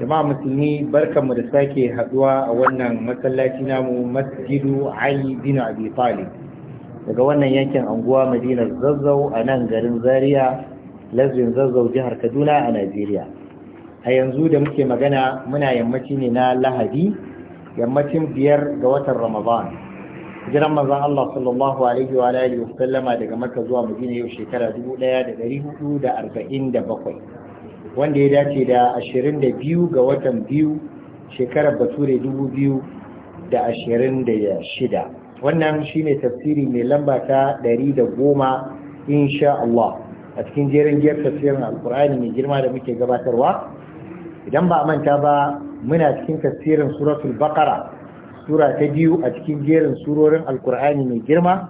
jama'a musulmi barkanmu da sake haduwa a wannan masallaci namu masjidu ali bin abi talib daga wannan yankin anguwa madinar zazzau a nan garin zaria lasbin zazzau jihar kaduna a najeriya a yanzu da muke magana muna yammaci ne na lahadi yammacin biyar ga watan ramadan Jiran manzon Allah sallallahu alaihi wa alihi wa sallama daga Makka zuwa Madina yau shekara 1447 wanda ya dace da 22 ga watan biyu shekarar bature 2026 wannan shine tafsiri mai lamba ta 110 insha Allah a cikin jerin giyar tafsirin alkur'ani mai girma da muke gabatarwa idan ba manta ba muna cikin tafsirin suratul bakara sura ta biyu a cikin jerin surorin alkur'ani mai girma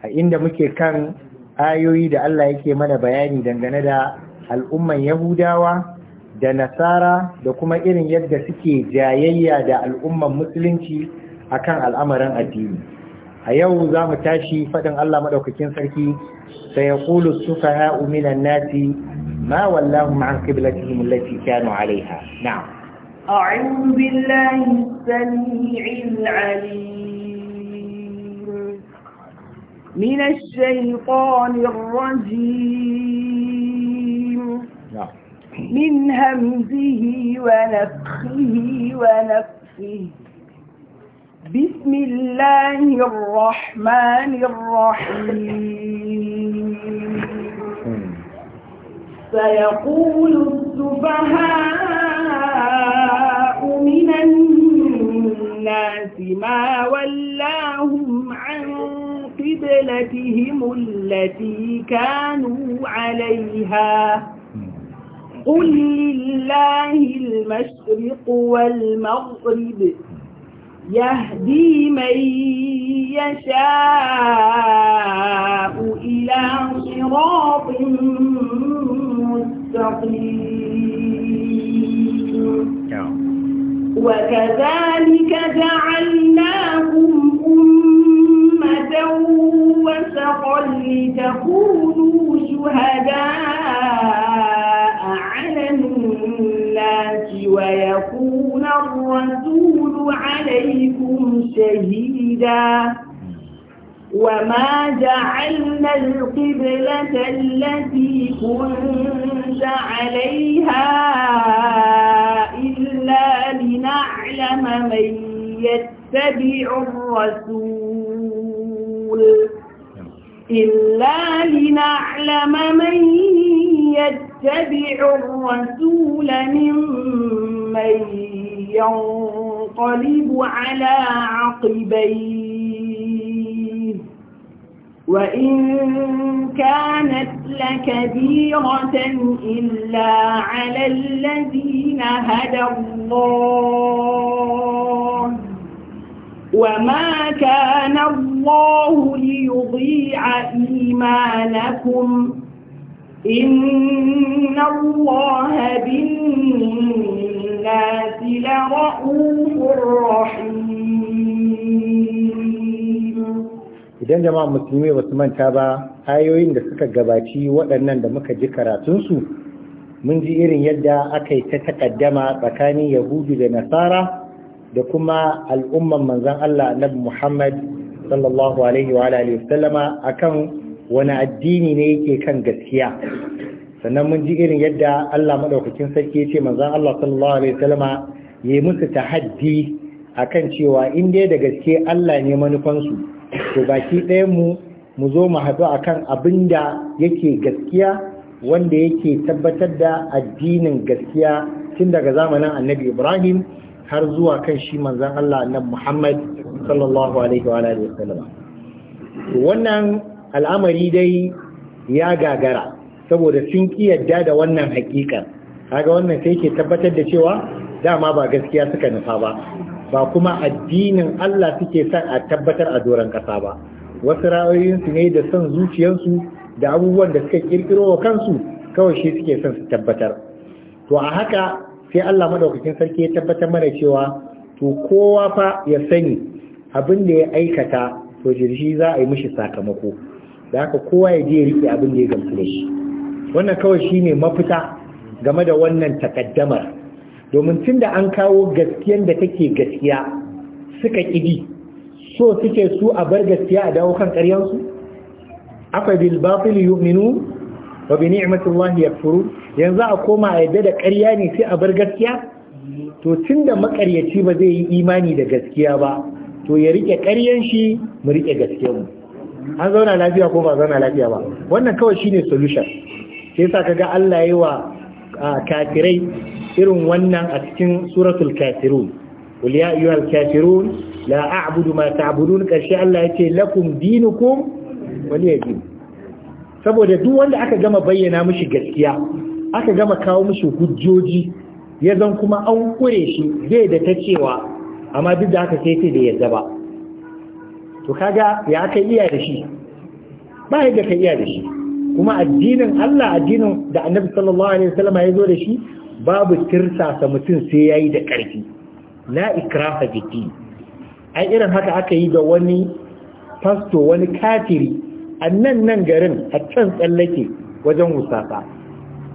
a inda muke kan ayoyi da Allah yake mana bayani dangane da al'umman yahudawa da nasara da kuma irin yadda suke jayayya da al'umman musulunci a kan al'amarin addini a yau za mu tashi faɗin Allah maɗaukakin sarki sai ya ƙulu suka ha'u minan nasi ma wallahu ma'an ƙiblatihim lati kanu alaiha من الشيطان الرجيم نعم. من همزه ونفخه ونفخه بسم الله الرحمن الرحيم سيقول السفهاء من الناس ما ولاهم عن قبلتهم التي كانوا عليها قل لله المشرق والمغرب يهدي من يشاء إلى صراط مستقيم وكذلك جعلناكم أمة وسطا لتكونوا شهداء بالله ويكون الرسول عليكم شهيدا وما جعلنا القبلة التي كنت عليها إلا لنعلم من يتبع الرسول إلا لنعلم من يتبع الرسول ممن ينقلب على عقبيه وإن كانت لكبيرة إلا على الذين هدى الله وما كان الله ليضيع إيمانكم إن الله بالناس لرؤوف رحيم idan jama'a musulmi ba su manta ba ayoyin da suka gabaci waɗannan da muka ji karatunsu mun ji irin yadda aka yi ta takaddama tsakanin yahudu da nasara da kuma al'umman manzan Allah annabi Muhammad sallallahu alaihi wa alihi wasallama akan wani addini ne yake kan gaskiya sannan mun ji irin yadda Allah madaukakin sarki ya ce manzon Allah sallallahu alaihi wasallama yayi musu tahaddi akan cewa in dai da gaske Allah ne manufan su to baki ɗayan mu mu zo mu haɗu akan abin da yake gaskiya wanda yake tabbatar da addinin gaskiya tun daga zamanin annabi Ibrahim har zuwa kan shi manzon Allah annabi Muhammad sallallahu alaihi wa alihi wasallam wannan al'amari dai ya gagara saboda sun ki yadda da wannan hakikan kaga wannan sai ke tabbatar da cewa dama ba gaskiya suka nufa ba ba kuma addinin Allah suke son a tabbatar a doron kasa ba wasu ra'ayoyinsu ne da son zuciyarsu da abubuwan da suka kirkiro wa kansu kawai shi suke son su tabbatar to a haka sai Allah madaukakin sarki ya tabbatar mana cewa to kowa fa ya sani abin da ya aikata to jirgi za a yi mishi sakamako da haka kowa ya je ya riƙe abin da ya gamsu da shi wannan kawai shine mafita game da wannan takaddamar domin tun da an kawo gaskiyan da take gaskiya suka ƙidi so suke su a bar gaskiya a dawo kan ƙaryansu afa bil batil yu'minu wa bi ni'matillahi yakfuru yanzu a koma a yadda da ƙarya ne sai a bar gaskiya to tun da maƙaryaci ba zai yi imani da gaskiya ba to ya rike ƙaryan shi mu riƙe gaskiyar mu an zauna lafiya ko ba zauna lafiya ba wannan kawai shine solution sai yasa kaga Allah yayi wa kafirai irin wannan a cikin suratul kafirun qul ya ayyuhal kafirun la a'budu ma ta'budun karshe Allah ya yace lakum dinukum waliyadin saboda duk wanda aka gama bayyana mishi gaskiya aka gama kawo mishi hujjoji ya zan kuma an kure shi zai da ta cewa amma duk da haka sai sai da yadda ba to kaga ya aka iya da shi ba yadda ka iya da shi kuma addinin Allah addinin da annabi sallallahu alaihi wasallam ya zo da shi babu tirsasa mutum sai yayi da karfi la ikraha jiki ai irin haka aka yi ga wani fasto wani kafiri a nan nan garin a can tsallake wajen wusafa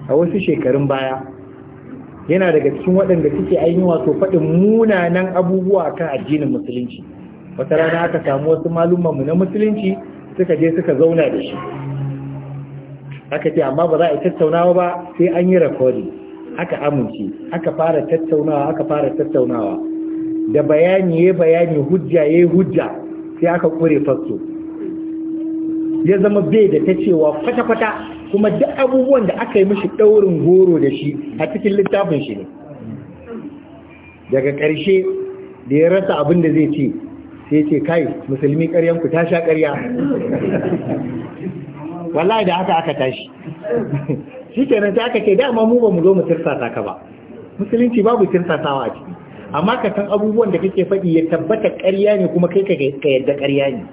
a wasu shekarun baya yana daga cikin waɗanda suke ainihin wato faɗin munanan abubuwa kan addinin musulunci wata rana aka samu wasu malumanmu na musulunci suka je suka zauna da shi aka ce amma ba za a tattaunawa ba sai an yi rakodi aka amince aka fara tattaunawa aka fara tattaunawa da bayani ya bayani hujja ya hujja sai aka kure fasto ya zama bai da ta cewa kwata-kwata kuma duk abubuwan da aka yi mashi ɗaurin goro da shi a cikin littafin shi ne daga ƙarshe da ya rasa abin da zai ce sai ce kai musulmi ƙaryan ku ta sha ƙarya wallahi da haka aka tashi shi nan ta aka ce dama mu ba mu zo mu tirsasa ka ba musulunci babu tirsasawa a amma ka san abubuwan da kake faɗi ya tabbata ƙarya ne kuma kai ka yadda ƙarya ne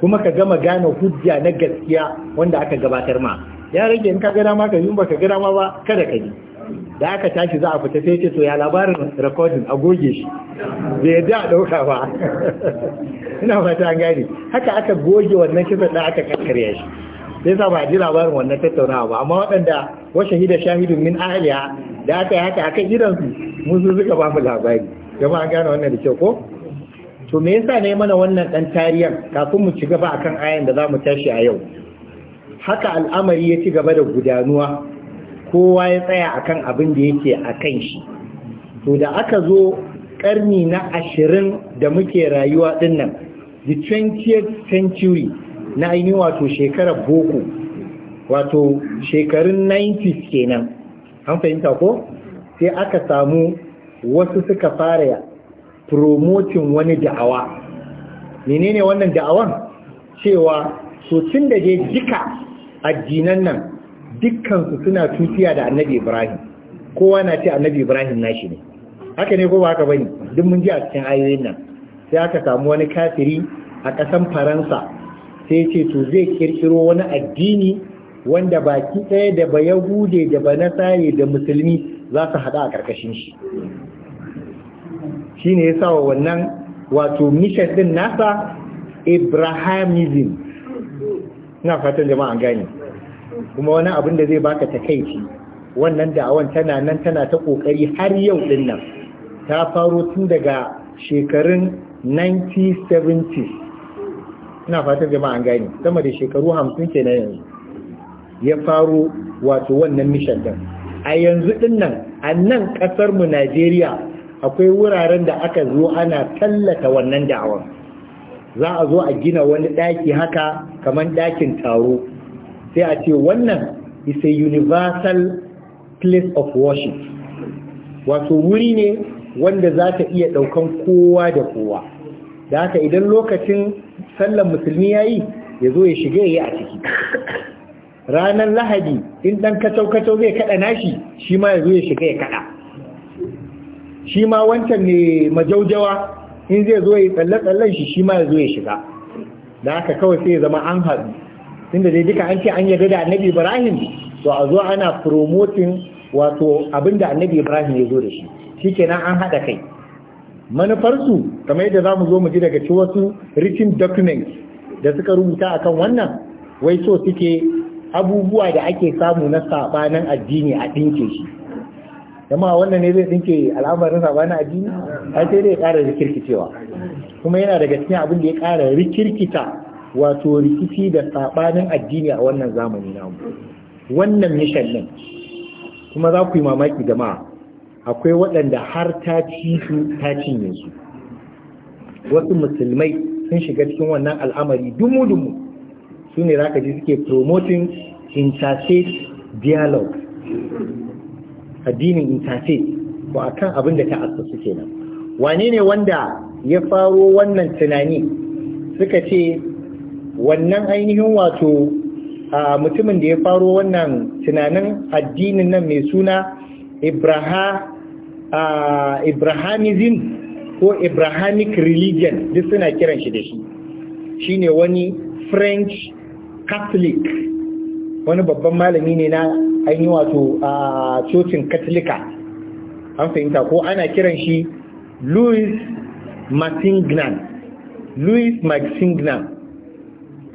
kuma ka gama gane hujja na gaskiya wanda aka gabatar ma ya rage in ka ga dama ka yi ba ka ga dama ba kada ka yi da aka tashi za a fita sai ce to ya labarin recording a goge shi bai yadda a ɗauka ba ina fata an gane haka aka goge wannan kisa da aka kakkarya shi sai sa ba ji labarin wannan tattaunawa ba amma waɗanda wa shahida shahidun min ahliya da aka yi haka akan idan su mun su suka ba mu labari jama'a an gane wannan da kyau ko to me yasa ne mana wannan dan tariyan kafin mu ci gaba akan ayan da za mu tashi a yau haka al'amari ya ci gaba da gudanuwa kowa ya tsaya a kan abin da yake a kan shi to da aka zo ƙarni na ashirin da muke rayuwa ɗin nan the 20th century na ainihin wato shekarar boko wato shekarun 90s kenan an fahimta ko sai aka samu wasu suka fara promoting wani da'awa menene wannan da'awan cewa to tun da je jika addinan nan dukkansu suna tusiya da annabi ibrahim kowa na ce annabi ibrahim nashi ne haka ne ko ba haka bane duk mun ji a cikin ayoyin nan sai aka samu wani kafiri a ƙasan faransa sai ce to zai kirkiro wani addini wanda baki ɗaya da ba yahude da ba nasare da musulmi za su haɗa a ƙarƙashin shi Shi ne ya sa wa wannan wato mission din nasa ibrahimism na fatan jama'an gani kuma wani abin da zai baka takaici wannan da'awan tana nan tana ta kokari har yau din nan ta faro tun daga shekarun 1970s ina fatan jama'an gane sama da shekaru 50 kenan yanzu ya faro wato wannan mission din a yanzu din nan a nan kasar mu Najeriya akwai wuraren da aka zo ana tallata wannan da'awan. za a zo a gina wani daki haka kamar dakin taro sai a ce wannan is a universal place of worship wato wuri ne wanda za ta iya ɗaukan kowa da kowa da haka idan lokacin sallan musulmi ya yi ya zo ya shiga ya a ciki ranar lahadi in ɗan kacau-kacau zai kaɗa nashi shi ma ya zo ya shiga ya kaɗa shi ma wancan ne majaujawa in zai zo ya tsalle-tsallen shi shi ma ya zo ya shiga da haka kawai sai ya zama an haɗu tunda dai duka an ce an yarda da annabi ibrahim to a zo ana promoting wato abinda annabi ibrahim ya zo da shi shikenan an haɗa kai manufarsu kamar yadda za mu zo mu ji daga ci wasu written documents da suka rubuta akan wannan wai so suke abubuwa da ake samu na sabanin addini a dinke shi jama wannan ne zai dinke al'amarin sabanin addini ai sai dai ƙara rikirkicewa kuma yana daga cikin abin da ya ƙara rikirkita wato rikici da saɓanin addini a wannan zamani namu wannan mission din kuma za ku yi mamaki da ma akwai waɗanda har ta ci su ta cinye su wasu musulmai sun shiga cikin wannan al'amari dumu-dumu su ne za ka ji suke promoting interstate dialogue addinin interstate, ko akan abin da ta asusu kenan wane ne wanda ya faro wannan tunani suka ce wannan ainihin wato mutumin da ya faro wannan tunanin addinin nan mai suna ibrahimism ko ibrahimic religion duk suna kiran shi da shi Shi ne wani french catholic wani babban malami ne na ainihin wato a cocin katolika an fahimta ko ana kiran shi louis martingnan louis martingnan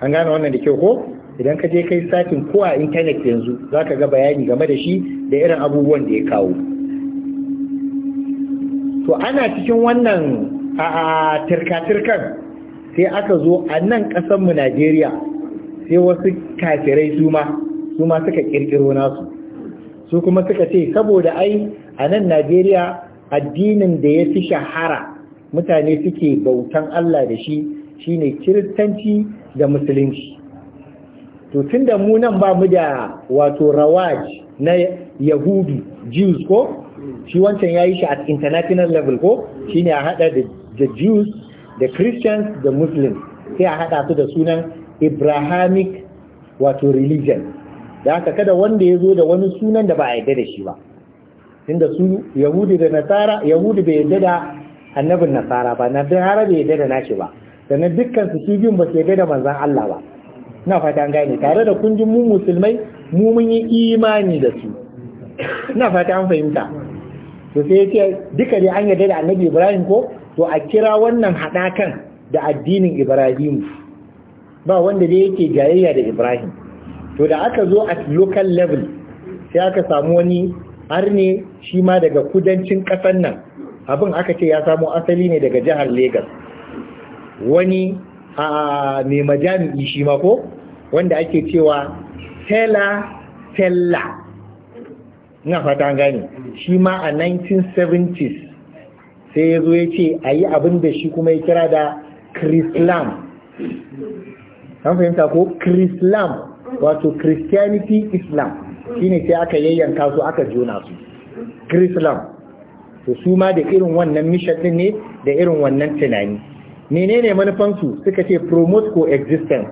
an gane wannan da kyau ko idan ka je kai satin ko a intanet yanzu za ka ga bayani game da shi da irin abubuwan da ya kawo to ana cikin wannan a turka-turkan sai aka zo a nan ƙasanmu najeriya sai wasu kafirai su ma suka ƙirƙiro nasu su kuma suka ce saboda ai a nan najeriya addinin da ya fi shahara mutane suke bautan allah da shi shine kiristanci da musulunci to tun da mu nan ba mu da wato rawaj na yahudu jews ko shi wancan ya yi shi at international level ko shi ne a hada da jews da christians da muslims sai a haɗa su da sunan ibrahamic wato religion da haka kada wanda ya zo da wani sunan da ba a yarda da shi ba da su yahudi da nasara yahudi bai yarda da annabin nasara ba na bai yarda da nashi ba sannan dukkan su biyun ba su da manzan Allah ba ina fata an gane tare da kundin mu musulmai mu mun yi imani da su ina fata an fahimta to sai yace duka dai an yarda da Annabi Ibrahim ko to a kira wannan hadakan da addinin Ibrahim ba wanda dai yake jayayya da Ibrahim to da aka zo at local level sai aka samu wani arne shi ma daga kudancin ƙasar nan abin aka ce ya samo asali ne daga jihar Lagos wani a mai majami'i shi ma ko wanda ake cewa tela tella ina fata gane shi ma a 1970s sai ya zo ya ce a yi abin da shi kuma ya kira da chrislam an fahimta ko chrislam wato christianity islam shine sai aka yayyanka su aka jona su chrislam su ma da irin wannan mission ne da irin wannan tunani menene manufansu suka ce promote coexistence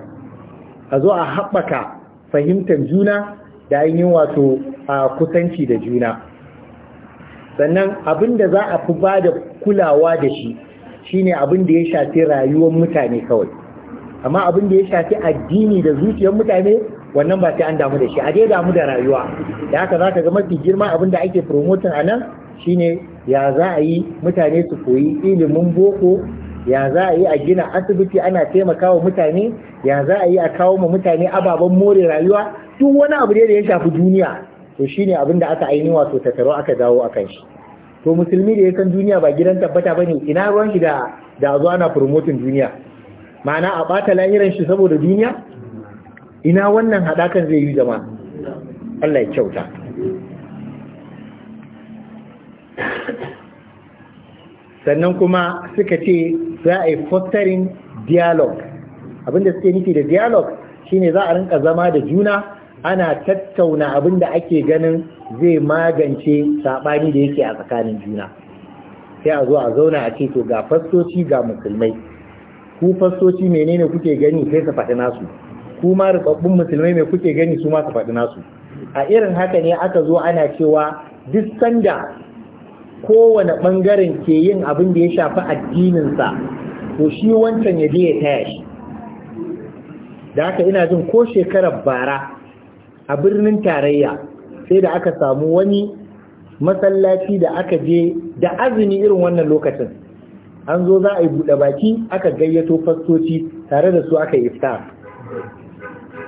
a zo a haɓaka fahimtar juna da an yi wato a kusanci da juna sannan abin da za a fi ba da kulawa da shi shine abin da ya shafi rayuwar mutane kawai amma abin da ya shafi addini da zuciyar mutane wannan ba sai an damu da shi a dai damu da rayuwa da haka za ka ga mafi girma abin da ake promoting a nan shine ya za a yi mutane su koyi ilimin boko ya za a yi a gina asibiti ana taimakawa mutane ya za a yi a kawo ma mutane ababen more rayuwa duk wani abu ne da ya shafi duniya to shine abin da aka ainihin wato tattaro aka dawo akan shi to musulmi da ya san duniya ba gidan tabbata bane ina ruwan shi da da na promoting duniya ma'ana a bata lahiran shi saboda duniya ina wannan hadakan zai yi zama Allah ya kyauta sannan kuma suka ce za a yi fostering dialogue abinda suke nufi da dialogue shine za a rinka zama da juna ana tattauna abinda ake ganin zai magance saɓani da yake a tsakanin juna sai a zo a zauna a ce to ga fastoci ga musulmai ku fastoci menene kuke gani sai su faɗi nasu ku ma rubabbun musulmai mai kuke gani su ma su faɗi nasu a irin haka ne aka zo ana cewa duk sanda kowane ɓangaren ke yin abin da ya shafi addininsa to shi wancan ya je ya taya shi da haka ina jin ko shekarar bara a birnin tarayya sai da aka samu wani masallaci da aka je da azumi irin wannan lokacin an zo za a yi buɗe baki aka gayyato fastoci tare da su aka iftar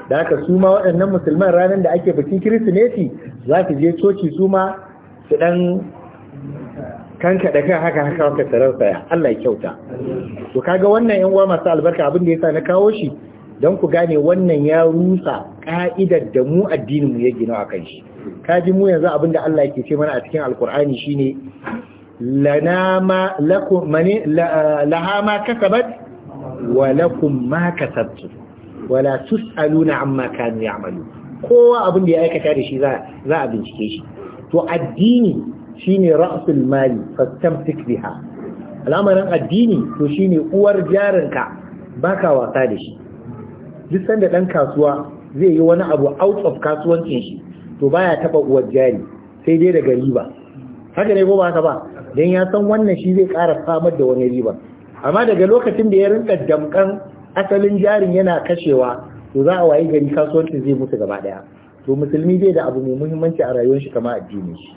da haka su ma waɗannan musulman ranar da ake bikin kirsimeti za su je coci su ma su ɗan kan kaɗa kan haka haka haka tarar ya Allah ya kyauta to kaga wannan yan uwa masu albarka abin da yasa na kawo shi don ku gane wannan ya rusa ka'idar da mu addinin mu ya gina a kan shi kaji mu yanzu abin da Allah yake ce mana a cikin alkur'ani shine lana ma lakum mani laha ma kasabat wa lakum ma kasabtu wala tusaluna amma kanu ya'malu kowa abin da ya aikata da shi za a bincike shi to addini Shi ne ra'sul mali fastamsik biha al'amarin addini to shi ne uwar jarinka baka wasa da shi duk sanda dan kasuwa zai yi wani abu out of kasuwancin shi to baya taba uwar jari sai dai daga riba haka ne ko ba haka ba dan ya san wannan shi zai ƙara samar da wani riba amma daga lokacin da ya rinka damkan asalin jarin yana kashewa to za a wayi gari kasuwancin zai mutu gaba ɗaya to musulmi zai da abu mai muhimmanci a rayuwar shi kama addinin shi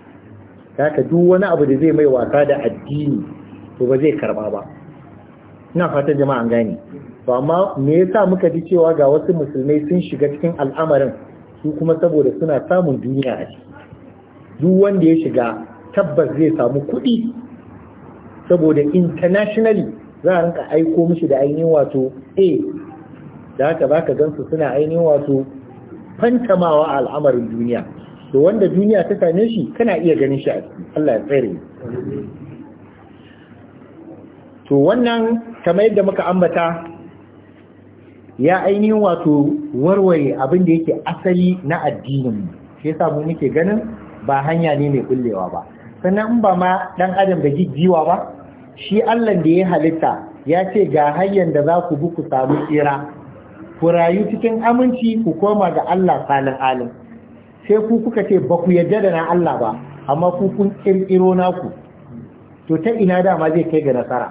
haka duk wani abu da zai mai wasa da addini to ba zai karba ba ina fatan jama'a gane to amma me yasa muka ji cewa ga wasu musulmai sun shiga cikin al'amarin su kuma saboda suna samun duniya a ciki duk wanda ya shiga tabbas zai samu kuɗi saboda internationally za a rinka aiko mishi da ainihin wato a da haka baka ka gansu suna ainihin wato fantamawa a al'amarin duniya to wanda duniya ta same shi kana iya ganin shi a Allah ya tsare to wannan kamar yadda muka ambata ya ainihin wato warware abin da yake asali na addinin mu shi yasa mu muke ganin ba hanya ne mai kullewa ba sannan in ba ma dan adam da jijjiwa ba shi Allah da ya halitta ya ce ga hanyar da za ku bi ku samu tsira ku rayu cikin aminci ku koma ga Allah salin alim sai ku kuka ce ba ku yadda da na Allah ba amma ku kun kirkiro naku to ta ina dama zai kai ga nasara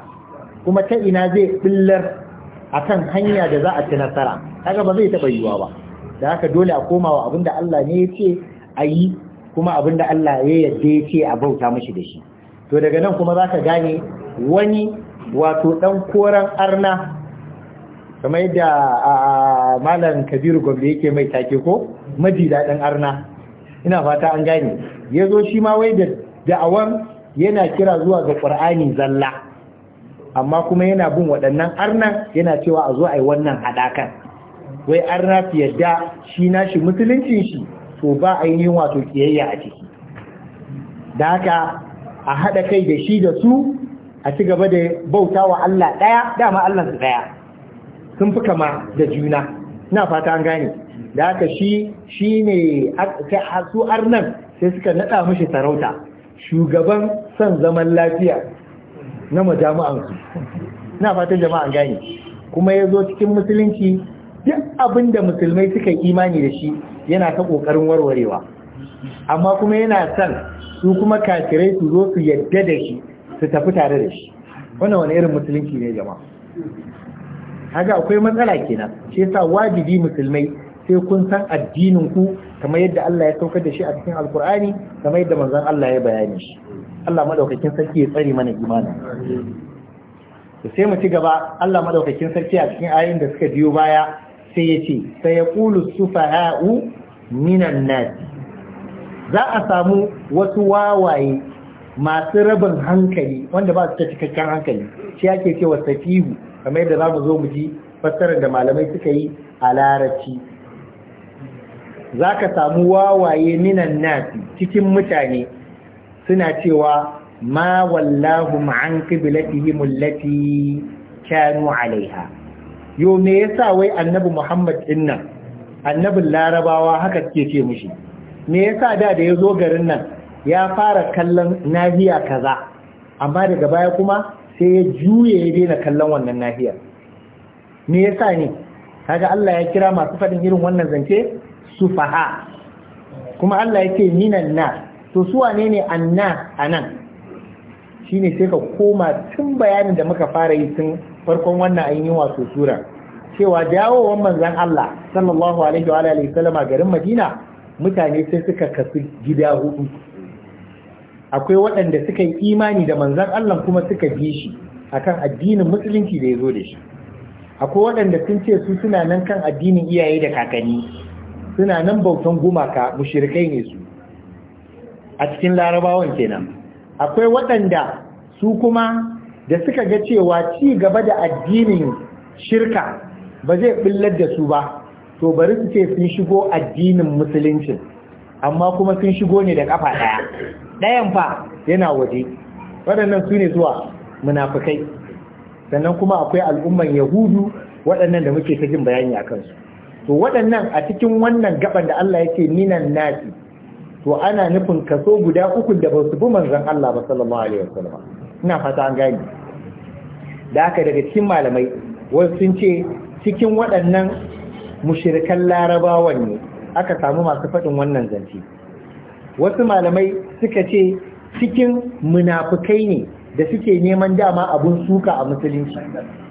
kuma ta ina zai ɓillar a kan hanya da za a ci nasara haka ba zai taɓa yiwuwa ba da haka dole a koma wa abin da Allah ne ya ce a yi kuma abinda Allah ya yadda ya ce a bauta mashi da shi to daga nan kuma za ka gane wani wato ɗan koran arna kamar yadda malam Kabiru Gombe yake mai take ko maji daɗin arna ina fata an gane ya zo shi ma wai da da'awan yana kira zuwa ga ƙur'ani zalla amma kuma yana bin waɗannan Arna yana cewa a zo a yi wannan haɗakan wai arna fi yadda shi nashi musuluncin shi to ba a yi wato kiyayya a ciki da haka a haɗa kai da shi da su a ci gaba da bauta wa Allah ɗaya dama Allah su ɗaya sun fi kama da juna ina fata an gane da aka shi shi ne su arnan sai suka naɗa mashi sarauta shugaban son zaman lafiya na majami'ansu na fatan jama'an gane kuma ya zo cikin musulunci duk abin da musulmai suka imani da shi yana ta ƙoƙarin warwarewa amma kuma yana son su kuma kafirai su zo su yadda da shi su tafi tare da shi wannan wani irin musulunci ne jama'a haka akwai matsala kenan shi yasa wajibi musulmai sai kun san addinin ku kamar yadda Allah ya saukar da shi a cikin alkur'ani kamar yadda manzon Allah ya bayani shi Allah madaukakin sarki ya tsare mana imanin to sai mu ci gaba Allah madaukakin sarki a cikin ayoyin da suka biyo baya sai ya ce sai ya ƙulu sufa'a'u minan nasi za a samu wasu wawaye masu rabin hankali wanda ba su ta cikakken hankali shi ake cewa safihu kamar yadda za mu zo mu ji fassarar da malamai suka yi a larabci za ka samu wawaye minan nasi cikin mutane suna cewa ma wallahu ma'an qiblatihim allati a alaiha yo me yasa wai annabi Muhammad dinnan annabin larabawa haka suke ce mushi me yasa da da ya zo garin nan ya fara kallon nahiya kaza amma daga baya kuma sai ya juye ya daina kallon wannan nahiyar me yasa ne kaga Allah ya kira masu faɗin irin wannan zance sufaha kuma Allah yake minan na to su wane ne anna anan shine sai ka koma tun bayanin da muka fara yi tun farkon wannan ainihin wato sura cewa dawowan manzon Allah sallallahu alaihi wa alihi sallama garin Madina mutane sai suka kasu gida hudu akwai waɗanda suka yi imani da manzon Allah kuma suka bi shi akan addinin musulunci da ya zo da shi akwai waɗanda sun ce su suna nan kan addinin iyaye da kakanni suna nan bautan gumaka mushirikai ne su a cikin larabawan kenan akwai waɗanda su kuma da suka ga cewa ci gaba da addinin shirka ba zai billar da su ba to bari su ce sun shigo addinin musulunci amma kuma sun shigo ne da kafa ɗaya ɗayan fa yana waje waɗannan su ne zuwa munafukai sannan kuma akwai al'umman yahudu waɗannan da muke ta jin bayani a kansu to waɗannan a cikin wannan gaban da Allah yake minan nasi to ana nufin kaso guda uku da ba su bi manzon Allah ba sallallahu alaihi wasallam ina fata an gani da aka daga cikin malamai wasu sun ce cikin waɗannan mushirikan larabawan ne aka samu masu faɗin wannan zance wasu malamai suka ce cikin munafukai ne da suke neman dama abun suka a musulunci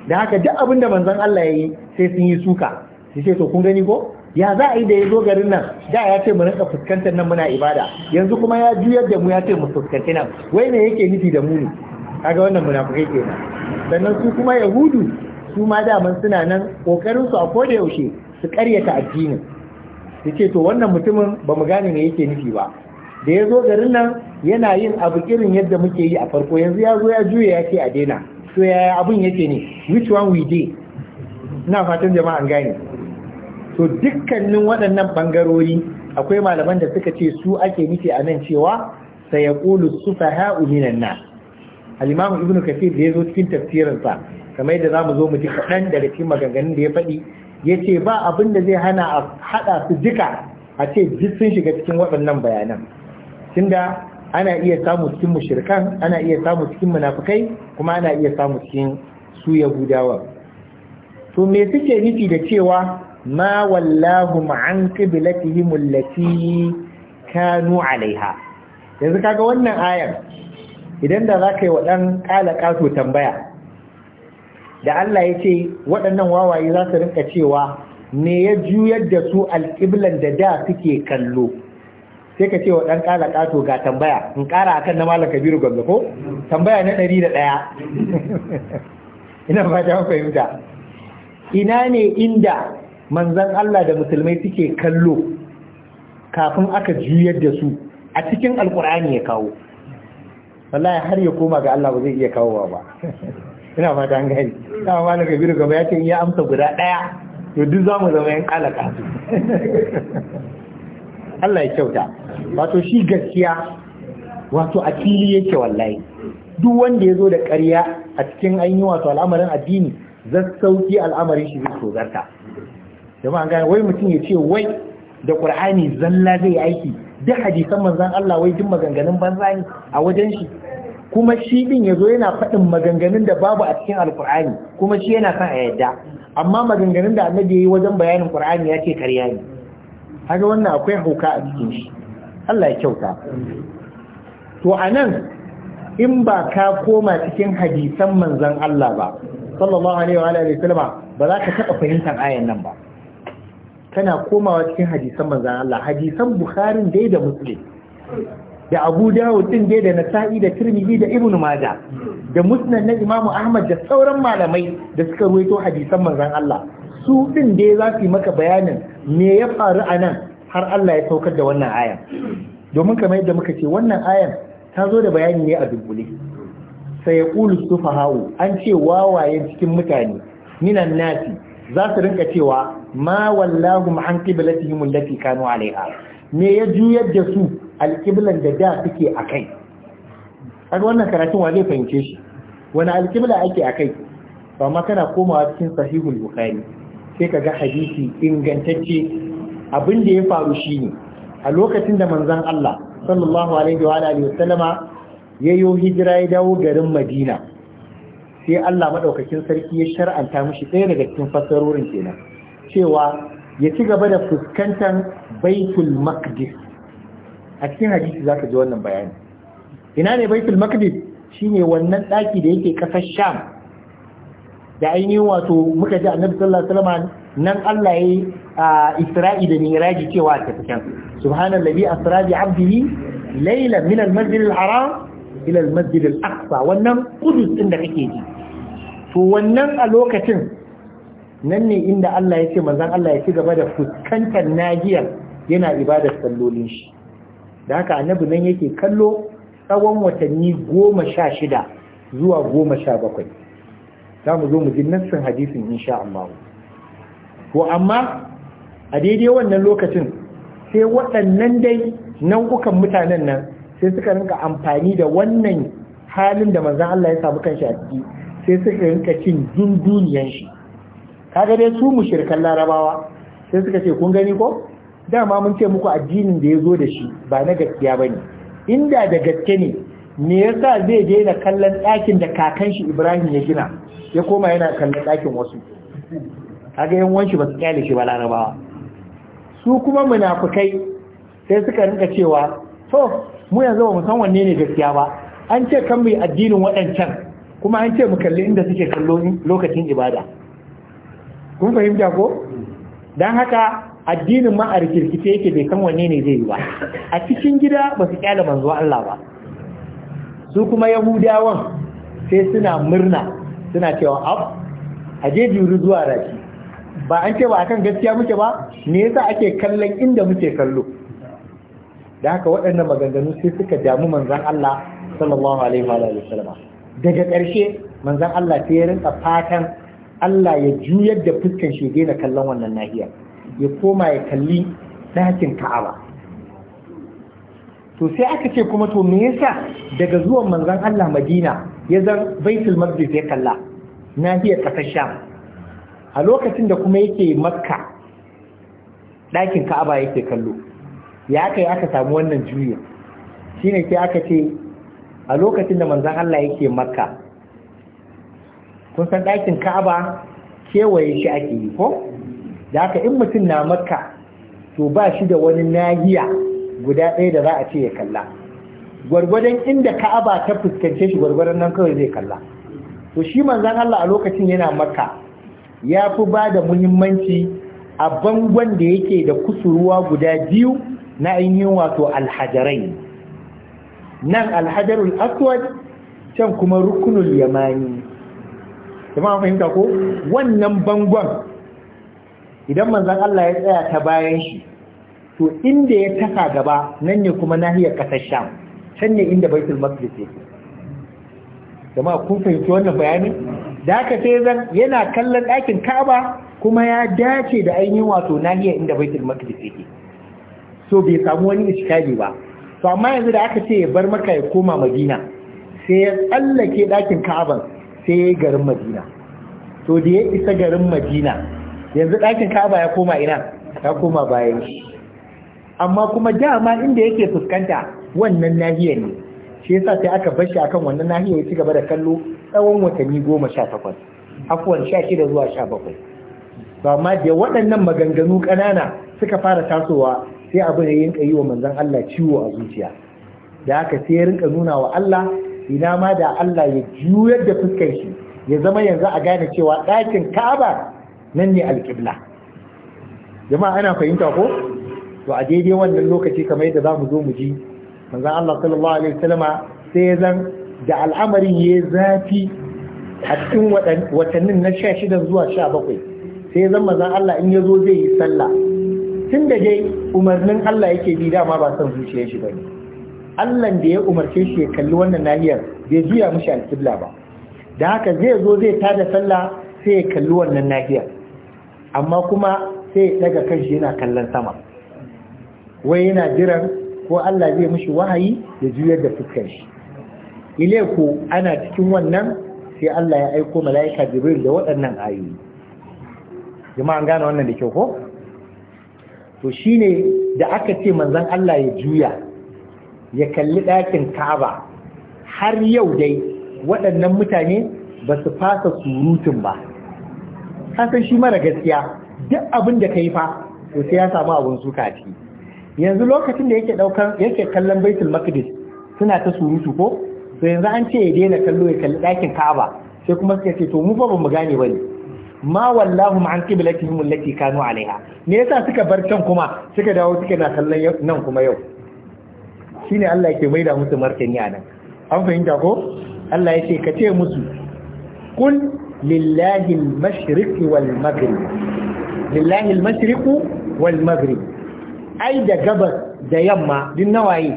da haka duk abin da manzon Allah ya yi sai sun yi suka ya ce to kun gani ko ya za a yi da ya zo garin nan da ya ce mu rinka fuskantar nan muna ibada yanzu kuma ya juyar da mu ya ce mu fuskanci nan wai me yake nufi da mu ne kaga wannan munafukai kenan sannan su kuma yahudu su ma daman suna nan kokarin su a koda yaushe su karyata addini su ce to wannan mutumin ba mu gane me yake nufi ba da ya zo garin nan yana yin abu irin yadda muke yi a farko yanzu ya zo ya juya ya ce a daina to yaya abun yake ne which one we dey? ina fatan jama'an gane to dukkanin waɗannan ɓangarori akwai malaman da suka ce su ake nufi a nan cewa sai ya ƙulu su faha'u minan na alimamu ibn kafir da ya zo cikin tafsirinsa kamar yadda za mu zo mu ji kaɗan daga cikin maganganun da ya faɗi ya ce ba abin da zai hana a haɗa su duka a ce duk sun shiga cikin waɗannan bayanan tunda ana iya samu cikin mushrikan ana iya samu cikin munafukai kuma ana iya samu cikin su yahudawa to me suke nufi da cewa ma wallahum an qiblatihim allati kanu alaiha yanzu kaga wannan ayar idan da ka yi wa dan tambaya da Allah ya ce waɗannan wawaye za su rinka cewa ne ya juyar da su alƙiblan da da suke kallo sai ka ce wa ɗan ƙala ƙato ga tambaya in ƙara akan na malam kabiru gwamna ko tambaya na ɗari da ɗaya ina ta fahimta ina ne inda manzan Allah da musulmai suke kallo kafin aka juyar da su a cikin alkur'ani ya kawo wallahi har ya koma ga Allah ba zai iya kawo ba ina fata an gani dama malam kabiru gaba ya ce ya amsa guda daya to duk zamu zama yan kalaka Allah ya kyauta wato shi gaskiya wato a fili yake wallahi duk wanda ya zo da ƙarya a cikin ainihin wato al'amarin addini zai sauki al'amarin shi zai tozarta jama'an gane wai mutum ya ce wai da ƙur'ani zalla zai aiki duk hadisan manzan Allah wai duk maganganun banza ne a wajen shi kuma shi din zo yana faɗin maganganun da babu a cikin alqur'ani kuma shi yana son a yadda amma maganganun da annabi yayi wajen bayanin qur'ani ya ce karya ne kaga wannan akwai hauka a cikin shi Allah ya kyauta to anan in ba ka koma cikin hadisan manzan Allah ba sallallahu alaihi wa alihi wasallama ba za ka taɓa fahimtar ayan nan ba kana komawa cikin hadisan manzan Allah hadisan Bukharin dai da Muslim da Abu Dawud din dai da Nasa'i da Tirmidhi da Ibn Majah da Musnad na Imam Ahmad da sauran malamai da suka ruwaito hadisan manzan Allah su din dai za su yi maka bayanin me ya faru a nan har Allah ya saukar da wannan ayan domin kamar yadda muka ce wannan ayan ta zo da bayani ne a dubbule sai ya sufaha'u an ce wawayen cikin mutane minan nasi za su rinka cewa ma wallahu an qiblatihim allati kanu alaiha me ya juyar da su alqiblan da da suke akai kaga wannan karatun wa zai fahimce shi wani alkibla ake akai ba ma kana komawa cikin sahihul bukhari sai ga hadisi ingantacce abin da ya faru shi ne. a lokacin da manzon Allah sallallahu alaihi wa alihi wasallama hijira ya dawo garin Madina sai Allah madaukakin sarki ya shar'anta mushi ɗaya daga cikin fassarorin kenan cewa ya ci gaba da fuskantar baitul maqdis a cikin hadisi zaka ji wannan bayani ina ne baitul maqdis shine wannan daki da yake kasar sham da ainihin wato muka ji annabi sallallahu alaihi wasallam nan Allah yayi isra'i da miraji cewa ta fitan subhanallahi asra bi abdihi layla min al-masjid al-haram ila al-masjid wannan kudus ɗin da kake ji to wannan a lokacin nan ne inda Allah ya ce manzon Allah ya ci gaba da fuskantar najiyar yana ibadar sallolin shi da haka annabi nan yake kallo tsawon watanni goma sha shida zuwa goma sha bakwai za mu zo mu ji nassin hadisin insha Allah to amma a daidai wannan lokacin sai waɗannan dai nau'ukan mutanen nan sai suka rinka amfani da wannan halin da manzan Allah ya samu kan a ciki sai suka rinka cin dunduniyan shi kaga dai su mushrikan larabawa sai suka ce kun gani ko dama mun ce muku addinin da ya zo da shi ba na gaskiya bane inda da gaske ne me yasa zai daina kallon ɗakin da kakan shi Ibrahim ya gina ya koma yana kallon ɗakin wasu kaga yan wanshi ba su kyale shi ba larabawa su kuma munafukai sai suka rinka cewa to mu yanzu ba mu san wanne ne gaskiya ba an ce kan mai addinin waɗancan kuma an ce mu kalli inda suke kallo lokacin ibada kun fahimta ko dan haka addinin ma a rikirkice yake bai san wanne ne zai yi ba a cikin gida ba su kyale manzo Allah ba su kuma yahudawan sai suna murna suna cewa ab a je juri zuwa rafi ba an ce ba akan gaskiya muke ba me yasa ake kallon inda muke kallo da haka waɗannan maganganu sai suka damu manzan Allah sallallahu alaihi wa sallama daga ƙarshe manzan Allah ta ya rinka fatan Allah ya juyar da fuskan shi daina kallon wannan nahiyar ya koma ya kalli ɗakin Ka'aba to sai aka ce kuma to me yasa daga zuwan manzan Allah Madina ya zan Baitul Maqdis ya kalla nahiyar ta Sham a lokacin da kuma yake Makka ɗakin Ka'aba yake kallo ya aka yi aka samu wannan juyi shine ke aka ce a lokacin da manzan Allah yake makka kun san ɗakin ka'aba kewaye shi ake yi ko da aka in mutum na makka to ba shi da wani nahiya guda ɗaya da za a ce ya kalla gwargwadon inda ka'aba ta fuskance shi gwargwadon nan kawai zai kalla to shi manzan Allah a lokacin yana makka ya fi ba da muhimmanci a bangon da yake da kusurwa guda biyu na ainihin wato alhajarai nan alhajarul aswad can kuma rukunul yamani kuma fahimta ko wannan bangon idan manzan Allah ya tsaya ta bayan shi to inda ya taka gaba nan ne kuma nahiyar kasar sham can ne inda baitul maqdis yake jama'a kun fahimci wannan bayanin da haka sai zan yana kallon ɗakin Ka'aba kuma ya dace da ainihin wato nahiyar inda baitul maqdis yake so bai samu wani iskali ba to amma yanzu da aka ce ya bar maka ya koma madina sai ya tsallake ɗakin ka'aban sai ya garin madina to da ya isa garin madina yanzu ɗakin ka'aba ya koma ina ya koma bayan shi amma kuma dama inda yake fuskanta wannan nahiyar ne shi yasa sai aka bar shi akan wannan nahiyar ya ci gaba da kallo tsawon watanni goma sha takwas afuwan sha shida zuwa sha bakwai ba ma da waɗannan maganganu ƙanana suka fara tasowa sai abin ya yinka yi wa Manzan Allah ciwo a zuciya da haka sai ya rinka nuna wa Allah ina ma da Allah ya juyar da fuskar shi ya zama yanzu a gane cewa ɗakin Ka'aba nan ne alƙibla jama'a ana fahimta ko to a daidai wannan lokaci kamar yadda zamu zo mu ji Manzan Allah sallallahu alaihi wasallama sai ya zan da al'amarin ya zafi a cikin watannin na 16 zuwa 17 sai zan Manzan Allah in ya zo zai yi sallah tun da dai umarnin Allah yake bi dama ba san zuciyar shi bane Allah da ya umarce shi ya kalli wannan nahiyar bai juya mishi alƙibla ba da haka zai zo zai tada sallah sai ya kalli wannan nahiyar amma kuma sai ya daga kanshi yana kallon sama wai yana jiran ko Allah zai mushi wahayi ya juyar da fuskar shi ile ku ana cikin wannan sai Allah ya aiko mala'ika Jibril da waɗannan ayoyi jama'an gane wannan da kyau ko to shi ne da aka ce manzon Allah ya juya ya kalli ɗakin kaba har yau dai waɗannan mutane ba su fasa surutun ba kasan shi mara gaskiya duk abin da ka yi fa to sai ya samu abin suka ce yanzu lokacin da yake ɗaukan yake kallon baitul maqdis suna ta surutu ko to yanzu an ce ya daina kallo ya kalli ɗakin kaba sai kuma suka ce to mu fa mu gane ba ne. ma wallahu an qiblatihim allati kanu alaiha me yasa suka bar can kuma suka dawo suka na kallon nan kuma yau shine Allah yake maida musu martani a nan an fahimta ko Allah yake ka ce musu kul lillahi al-mashriq wal maghrib lillahi al-mashriq wal maghrib ai da gabas da yamma din nawaye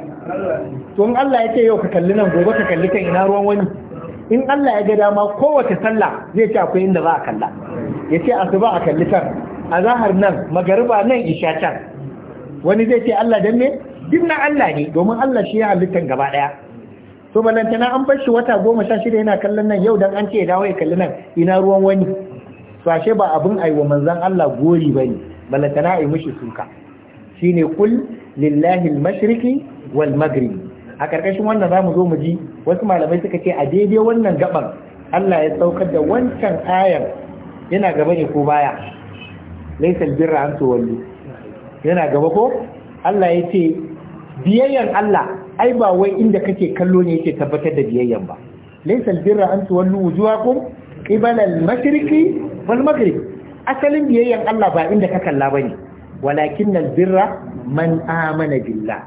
to Allah yake yau ka kalli nan gobe ka kalli kan ina ruwan wani in Allah ya ga dama kowace sallah zai ce akwai inda za a kalla ya ce asuba a kalli can zahar nan magariba nan isha can wani zai ce Allah dan me duk na Allah ne domin Allah shi ya halittan gaba daya so balantana an bar shi wata goma sha shida yana kallon nan yau dan an ce ya dawo ya kalli nan ina ruwan wani sashe ba abin ai wa manzon Allah gori bane balantana ai mishi suka shine kul lillahi al-mashriqi wal Magari. a karkashin wannan zamu zo mu ji wasu malamai suka ce a daidai wannan gaban Allah ya saukar da wancan ayar yana gaba ne ko baya laisal birra an wallu. yana gaba ko Allah ya ce biyayyan Allah ai ba wai inda kake kallo ne yake tabbatar da biyayyan ba laisal birra an tuwallu wujuhakum qibala al-mashriqi wal maghrib asalin biyayyan Allah ba inda ka kalla bane walakin al-birra man amana billah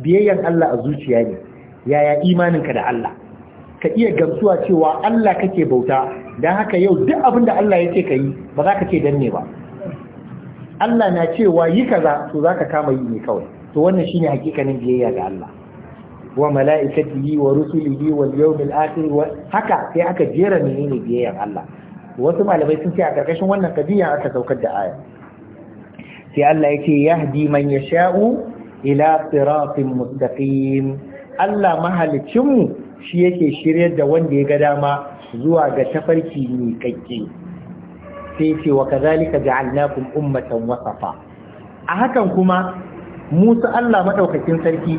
biyayyan Allah a zuciya ne yaya imaninka da Allah ka iya gamsuwa cewa Allah kake bauta don haka yau duk abin da Allah ya ce ka yi ba za ka ce danne ba Allah na cewa yi kaza to za ka kama yi ne kawai to wannan shine hakikanin biyayya ga Allah wa mala'ikatihi wa rusulihi wal yawmil akhir wa haka sai aka jera menene biyayyar Allah wasu malamai sun ce a karkashin wannan kadiya aka saukar da aya sai Allah yake yahdi man yasha'u ila siratin mustaqim Allah mahalicinmu shi yake shiryar da wanda ya ga dama zuwa ga tafarki mai kakke sai ce wa kazalika ja'alnakum ummatan wasafa a hakan kuma Musa Allah madaukakin sarki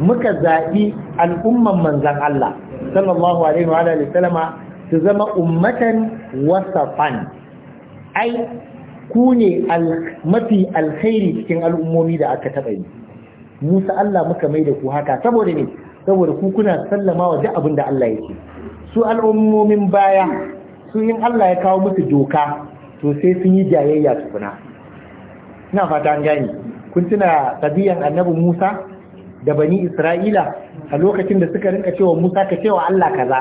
muka zaɓi al'umman manzan Allah sallallahu alaihi wa alihi sallama su zama ummatan wasafan ai ku ne mafi alkhairi cikin al'ummomi da aka taɓa yi Musa Allah muka mai da ku haka saboda ne saboda ku kuna sallama wa duk abin da Allah yake su al'ummomin baya su in Allah ya kawo musu doka to sai sun yi jayayya tukuna ina fata an gani kun tuna tabiyan annabi Musa da bani Isra'ila a lokacin da suka rinka cewa Musa ka cewa Allah kaza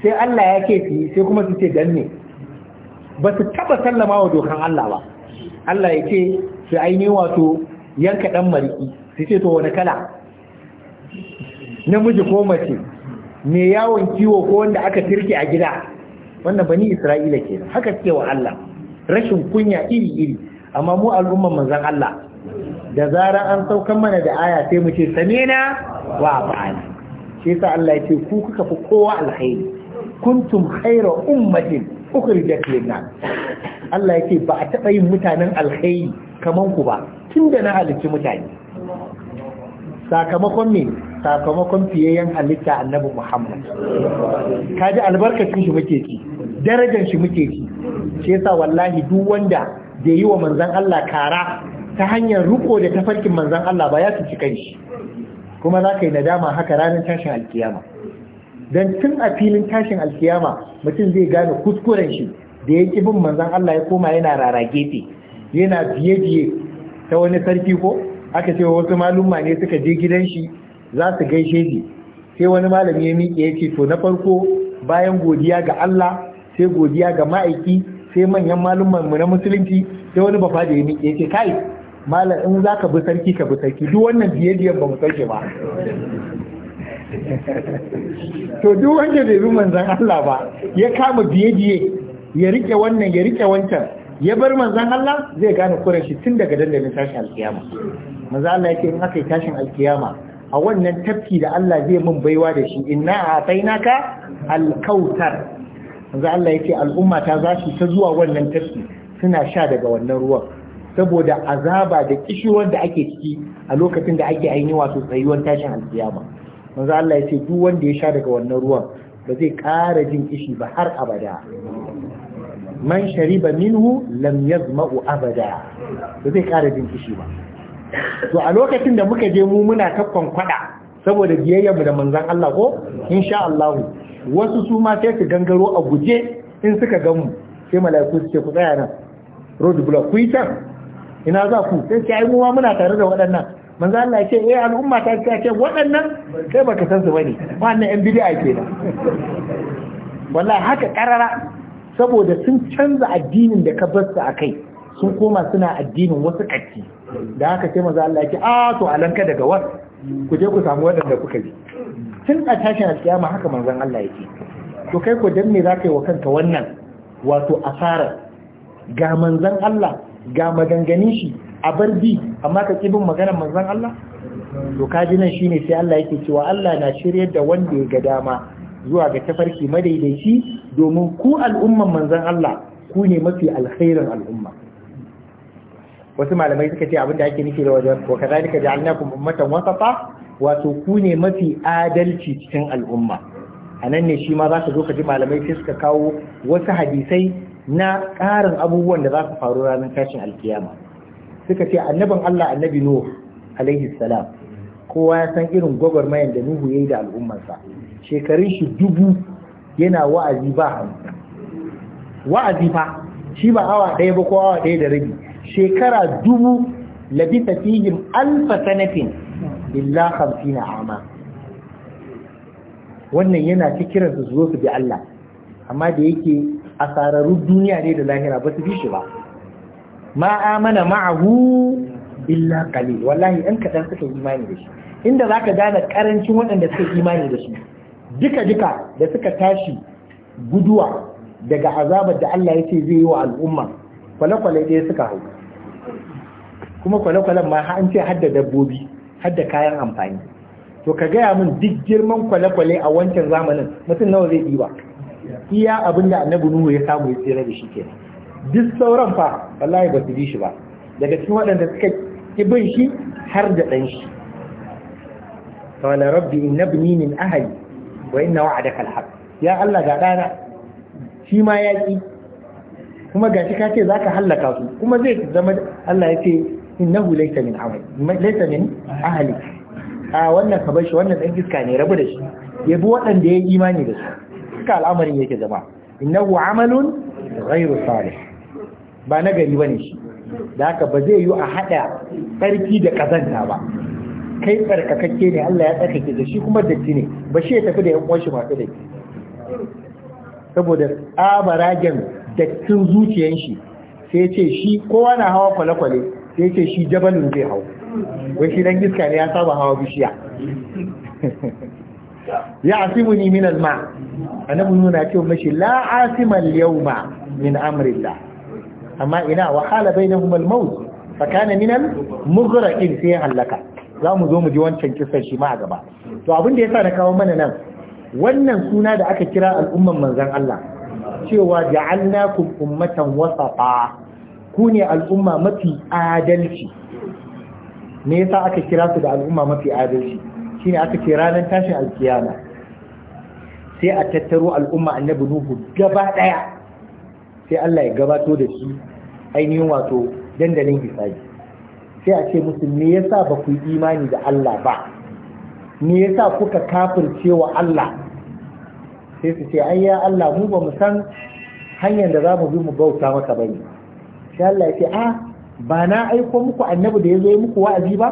sai Allah ya ce fi sai kuma su ce dan ne ba su taba sallama wa dokan Allah ba Allah ya ce su aini wato yanka dan mariki sai ce to wani kala namiji ko mace mai yawon kiwo ko wanda aka firke a gida wannan bani isra'ila ke. haka ce wa Allah rashin kunya iri iri amma mu al'umman manzan Allah da zarar an saukan mana da aya sai mu ce na wa ba'ani shi yasa Allah ya ce ku kuka fi kowa alkhairi kuntum khayra ummatin ukhrijat lin-nas Allah ya ce ba a taɓa yin mutanen alkhairi kaman ku ba tunda na halicci mutane sakamakon ne sakamakon fiyayyen halitta annabi Muhammad kaji albarkacin shi muke ci darajar shi muke ci shi yasa wallahi duk wanda da yi wa manzon Allah kara ta hanyar ruko da tafarkin manzon Allah ba ya ci kai shi kuma za ka yi nadama haka ranar tashin alkiyama dan tun a filin tashin alkiyama mutum zai gane kuskuren shi da ya ƙi bin manzon Allah ya koma yana rarage gefe yana biye-biye ta wani sarki ko aka ce wasu malumma ne suka je gidan shi za su gaishe shi sai wani malami ya miƙe ya ce to na farko bayan godiya ga Allah sai godiya ga ma'aiki sai manyan malumman mu na musulunci sai wani bafa da ya miƙe ya ce kai malam in za ka bi sarki ka bi sarki duk wannan biye biyan ba mu sauke ba to duk wanda bai bi manzon Allah ba ya kama biye biye ya rike wannan ya rike wancan ya bar manzan Allah zai gane kuran shi tun daga dandalin tashin alkiyama manzan Allah yake in aka yi tashin alkiyama a wannan tafki da Allah zai mun baiwa da shi inna atainaka alkautar manzan Allah yake al'umma ta za su ta zuwa wannan tafki suna sha daga wannan ruwan saboda azaba da kishiwar da ake ciki a lokacin da ake ainihin wato tsayuwar tashin alkiyama manzan Allah yake duk wanda ya sha daga wannan ruwan ba zai ƙara jin kishi ba har abada man shariba minhu lam yazma'u abada ba zai kara jin kishi ba to a lokacin da muka je mu muna ta kwankwada saboda biyayyar mu da manzon Allah ko insha Allah wasu su ma sai su gangaro a guje in suka ga mu sai mala'iku su ce ku tsaya nan road block ku yi can ina za ku sai ce ai mu ma muna tare da waɗannan manzon Allah ce eh al'umma ta ce ce waɗannan sai baka san su bane wannan yan bid'a kenan wallahi haka karara saboda sun canza addinin da ka bar su a kai sun koma suna addinin wasu ƙarfi da haka sai maza Allah ya a ah, to alanka daga wasu ku je ku samu waɗanda kuka yi. tun a tashin alƙiyama haka manzon Allah yake to kai ko dan me zaka yi wa kanka wannan wato asara ga manzon Allah ga maganganin shi a bar bi amma ka kibin maganar manzon Allah to kaji nan shine sai Allah yake cewa Allah na shiryar da wanda ya ga dama zuwa ga tafarki madaidaici domin ku al'umman manzan Allah ku ne mafi alkhairin al'umma wasu malamai suka ce abinda ake nufi da wajen wa kazalika ja'alnakum ummatan wasata wato ku ne mafi adalci cikin al'umma a nan ne shi ma za ka zo ka ji malamai sai suka kawo wasu hadisai na ƙarin abubuwan da za su faru ranar tashin alkiyama suka ce annabin Allah annabi Nuh alaihi salam kowa ya san irin gwagwarmayar da Nuhu ya yi da al'ummarsa shekarun shi dubu yana wa'azi ba hamsin wa'azi fa shi ba awa ɗaya ba ko awa ɗaya da rabi shekara dubu labisa fihim alfa sanatin illa a ama wannan yana ta kiran su zuwa su bi Allah amma da yake asararru duniya ne da lahira ba su fi shi ba ma amana ma'ahu illa kalil wallahi an kaɗan suka imani da shi inda za ka gane ƙarancin waɗanda suka imani da su. duka-duka da suka tashi guduwa daga azabar da Allah ya ce zai yi wa al'umma kwale-kwale ɗaya suka hau kuma kwale-kwalen ma an ce hadda dabbobi hadda kayan amfani to ka gaya min duk girman kwale-kwale a wancan zamanin mutum nawa zai ba iya abin da annabi nuhu ya samu ya tsira da shi kenan duk sauran fa wallahi ba su bi shi ba daga cikin waɗanda suka ki bin shi har da ɗan shi قال ربي na bini min ahali wa inna wa'adaka alhaq ya Allah ga dana shi ma yaki kuma gashi ka ce zaka halaka su kuma zai zama Allah ya ce innahu laysa min amali laysa min ahli a wannan ka bashi wannan dan iska ne rabu da shi ya bi waɗanda ya yi imani da su suka al'amarin yake zama innahu amalun ghairu salih ba na gari bane shi da haka ba zai yi a hada tsarki da kazanta ba kai tsarkakakke ne Allah ya tsarkake da shi kuma datti ne ba shi ya tafi da yan uwanshi masu ke saboda tsabaragen dattin zuciyar shi sai ce shi kowa na hawa kwale-kwale sai ce shi jabalin zai hau wai shi dan giska ne ya saba hawa bishiya ya asimu ni min alma annabi nuna ce mashi la yau ma, min amrillah amma ina wahala bai al-maut fa kana minan al sai halaka za mu zo mu ji wancan kisan shi ma a gaba to abin da yasa na kawo mana nan wannan suna da aka kira al'umman manzan Allah cewa ja'alnakum ummatan wasata ku ne al'umma mafi adalci me yasa aka kira su da al'umma mafi adalci shine aka ce ranar tashin alkiyama sai a tattaro al'umma annabi nuhu gaba daya sai Allah ya gabato da shi ainihin wato dandalin hisabi sai a ce musu me yasa ba ku imani da Allah ba me yasa kuka kafirce wa Allah sai su ce ai ya Allah mu ba mu san hanyar da za mu bi mu bauta maka bane sai Allah ya ce a ba na aiko muku annabi da ya zo muku wa'azi ba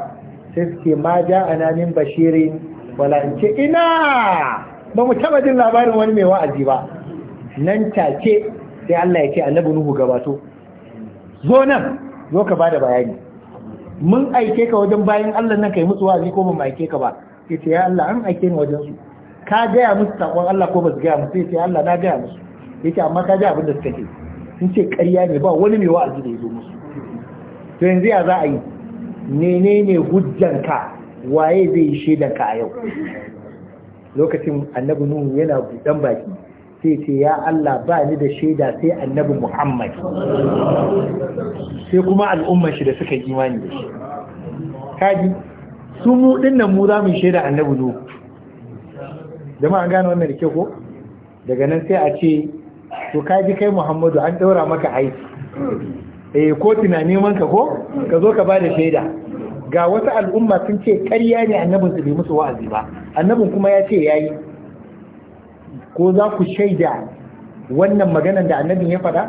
sai su ce ma ja ana min bashirin wala in ce ina ba mu taba jin labarin wani mai wa'azi ba nan take sai Allah ya ce annabi Nuhu gabato zo nan zo ka bada bayani mun aike ka wajen bayan Allah nan kai musu wazi ko ba aike ka ba ce ya Allah an aike ni wajen su ka gaya musu sakon Allah ko ba su gaya musu ya Allah na gaya musu ce amma ka ji abin da suka ke sun ce karya ne ba wani mai wa'azi da ya zo musu to yanzu ya za a yi Nene ne hujjanka waye zai yi shaidanka a yau lokacin annabi nuhu yana buɗan baki sai ce ya Allah ba ni da shaida sai annabi Muhammad sai kuma al'umma shi da suka yi imani da shi kaji su mu dinnan mu za mu shaida annabi nu jama'a an gane wannan da ke ko daga nan sai a ce to kaji kai Muhammadu an daura maka aiki eh ko tuna neman ka ko ka zo ka bada shaida ga wata al'umma sun ce ƙarya ne annabin su bai musu wa'azi ba annabin kuma ya ce yayi ko za ku shaida wannan maganan da annabin ya faɗa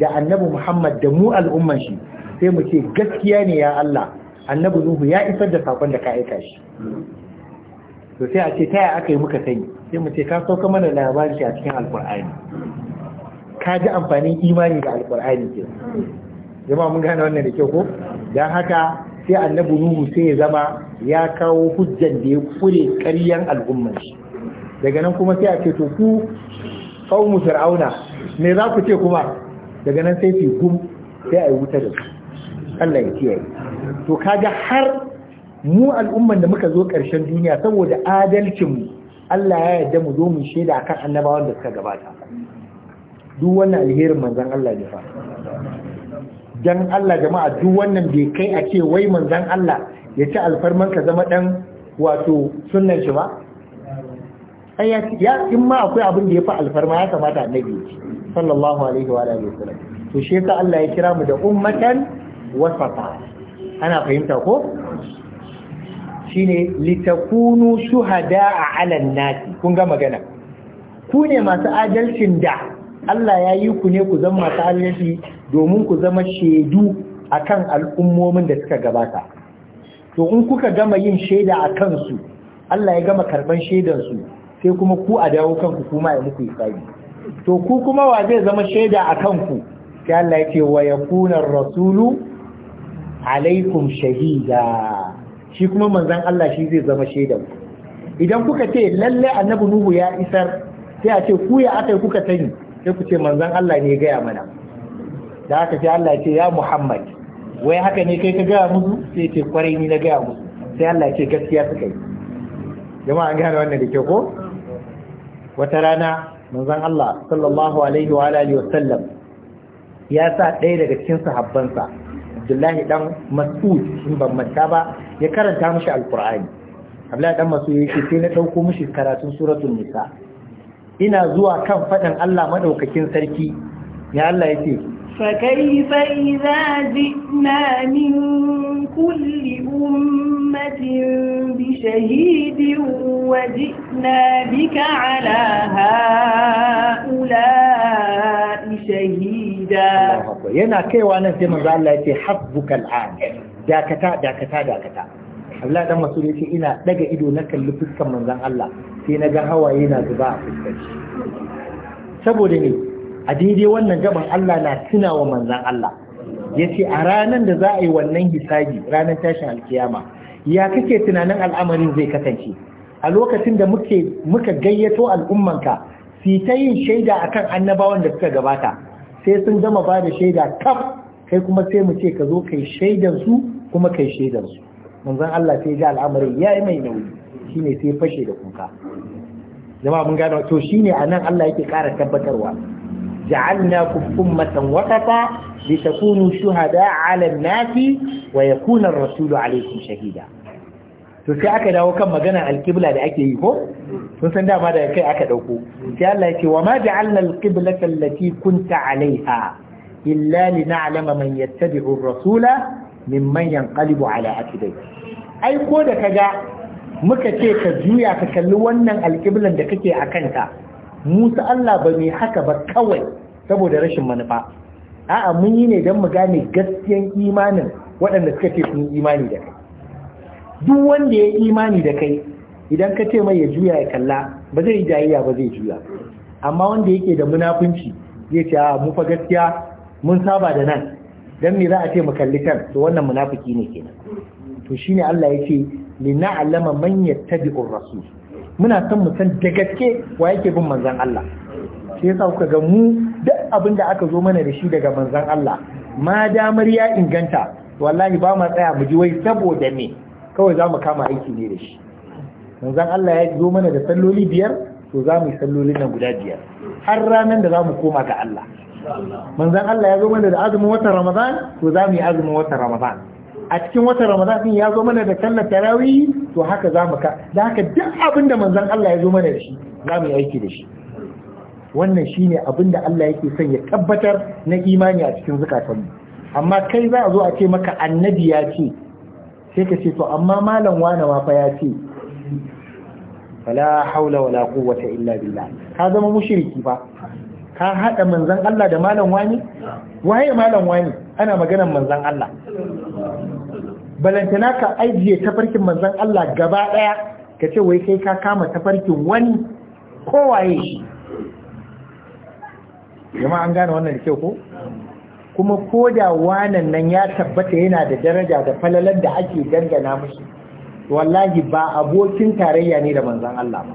da annabi Muhammad da mu al'umman shi sai mu ce gaskiya ne ya Allah annabi Nuhu ya isar da sakon da ka aika shi to sai a ce ta yaya aka yi muka sani sai mu ce ka sauka mana labarin shi a cikin alkur'ani ka ji amfanin imani da alkur'ani ke jama mun gane wannan da kyau ko don haka sai annabi Nuhu sai ya zama ya kawo hujjan da ya kure ƙaryan al'ummashi. shi daga nan kuma sai a ce to ku qaumu fir'auna me za ku ce kuma daga nan sai su sai a yi wuta da su Allah ya kiyaye to kaga har mu al'umman da muka zo ƙarshen duniya saboda adalcin mu Allah ya yarda mu zo mu shaida akan annabawan da suka gabata duk wannan alherin manzon Allah ne fa dan Allah jama'a duk wannan bai kai a ce wai manzon Allah ya ci alfarman ka zama dan wato sunnan shi ba ya in ma akwai abin da ya fi alfarma ya kamata annabi sallallahu alaihi wa alihi wasallam to shi ka Allah ya kira mu da ummatan wasata ana fahimta ko shine litakunu a 'alan nas kun ga magana ku ne masu adalcin da Allah ya yi ku ne ku zama masu adalci domin ku zama shaidu akan al'ummomin da suka gabata to in kuka gama yin shaida a kansu Allah ya gama karban shaidansu sai kuma ku a dawo kanku kuma ya muku yi to ku kuma wa zai zama shaida a kanku sai Allah yake wa yakuna rasulu alaikum shahida shi kuma manzon Allah shi zai zama shaida idan kuka ce lalle annabi nuhu ya isar sai a ce ku ya aka kuka sani sai ku ce manzon Allah ne ya gaya mana da haka sai Allah ya ce ya Muhammad wai haka ne kai ka gaya musu sai ce kwarai ni na gaya musu sai Allah ya ce gaskiya suka yi jama'a an gane wannan da ke ko wata rana manzon Allah sallallahu alaihi wa alihi wasallam ya sa ɗaya daga cikin sahabbansa Abdullahi dan Mas'ud in ban manta ba ya karanta mishi alqur'ani Abdullahi dan Mas'ud yake sai na dauko mishi karatun suratul nisa ina zuwa kan fadan Allah madaukakin sarki ya Allah yake فكيف إذا جئنا من كل أمة بشهيد وجئنا بك على هؤلاء شهيدا ينا كيوا نفسي من ذا الله يتي حفظك العام داكتا داكتا داكتا أبلا دم سوريتي إنا دقا إدو نكل لفتك من ذا الله في نجا هوا إنا زباع في الفجر سبو لني a daidai wannan gaban Allah na tuna wa manzan Allah ya ce a ranar da za a yi wannan hisabi ranar tashin alkiyama ya kake tunanin al'amarin zai kasance a lokacin da muka gayyato al'ummanka su ta yin shaida a kan annabawan da suka gabata sai sun gama ba da shaida kaf kai kuma sai mu ce ka zo kai shaidan kuma kai shaidan su Allah sai ji al'amarin ya yi mai nauyi shine sai fashe da kuka jama'a mun gano to shine anan Allah yake kara tabbatarwa جعلناكم أمة وسطا لتكونوا شهداء على الناس ويكون rasulu عليكم شهيدا to sai aka dawo kan magana alkibla da ake yi ko sun san dama da kai aka dauko sai Allah yake wa ma ja'alna alqiblata allati kunta alaiha illa lin'alama man yattabi'u ar-rasula mimman yanqalibu ala akidai ai ko da kaga muka ce ka juya ka kalli wannan alkiblan da kake a kanta musa Allah ba mai haka ba kawai saboda rashin manufa a'a mun yi ne don mu gane gaskiyan imanin waɗanda suka ce sun imani da kai duk wanda ya imani da kai idan ka ce mai ya juya ya kalla ba zai yi jayayya ba zai juya amma wanda yake da munafunci zai ce a mu fa gaskiya mun saba da nan dan me za a ce mu kalli kan to wannan munafiki ne kenan to shine Allah ya ce li na'lama man yattabi'ur rasul muna son mu san da gaske wa yake bin manzan Allah shi yasa kuka ga mu duk abin da aka zo mana da shi daga manzan Allah ma damar ya inganta wallahi ba ma tsaya mu ji wai saboda me kawai za mu kama aiki ne da shi Manzan Allah ya zo mana da salloli biyar to za mu yi sallolin nan guda biyar har ranar da za mu koma ga Allah Manzan Allah ya zo mana da azumin watan Ramadan to za mu yi azumin watan Ramadan a cikin watan ramadan din ya zo mana da sallar tarawih to haka za mu ka da haka duk abin da manzon Allah ya zo mana da shi za mu aiki da shi wannan shine abin da Allah yake son ya tabbatar na imani a cikin zukatanmu amma kai za a zo a ce maka annabi ya ce sai ka ce to amma malam wane ma fa ya ce fala haula wala quwwata illa billah ka zama mushriki fa ka hada manzon Allah da malam wani waye malam wani ana maganar manzon Allah balantana ka ajiye tafarkin Manzan Allah gaba ɗaya ka ce wai kai ka kama tafarkin wani kowaye shi an gane wannan da kyau ko kuma ko da wanan nan ya tabbata yana da daraja da falalan da ake dangana musu wallahi ba abokin tarayya ne da Manzan Allah ba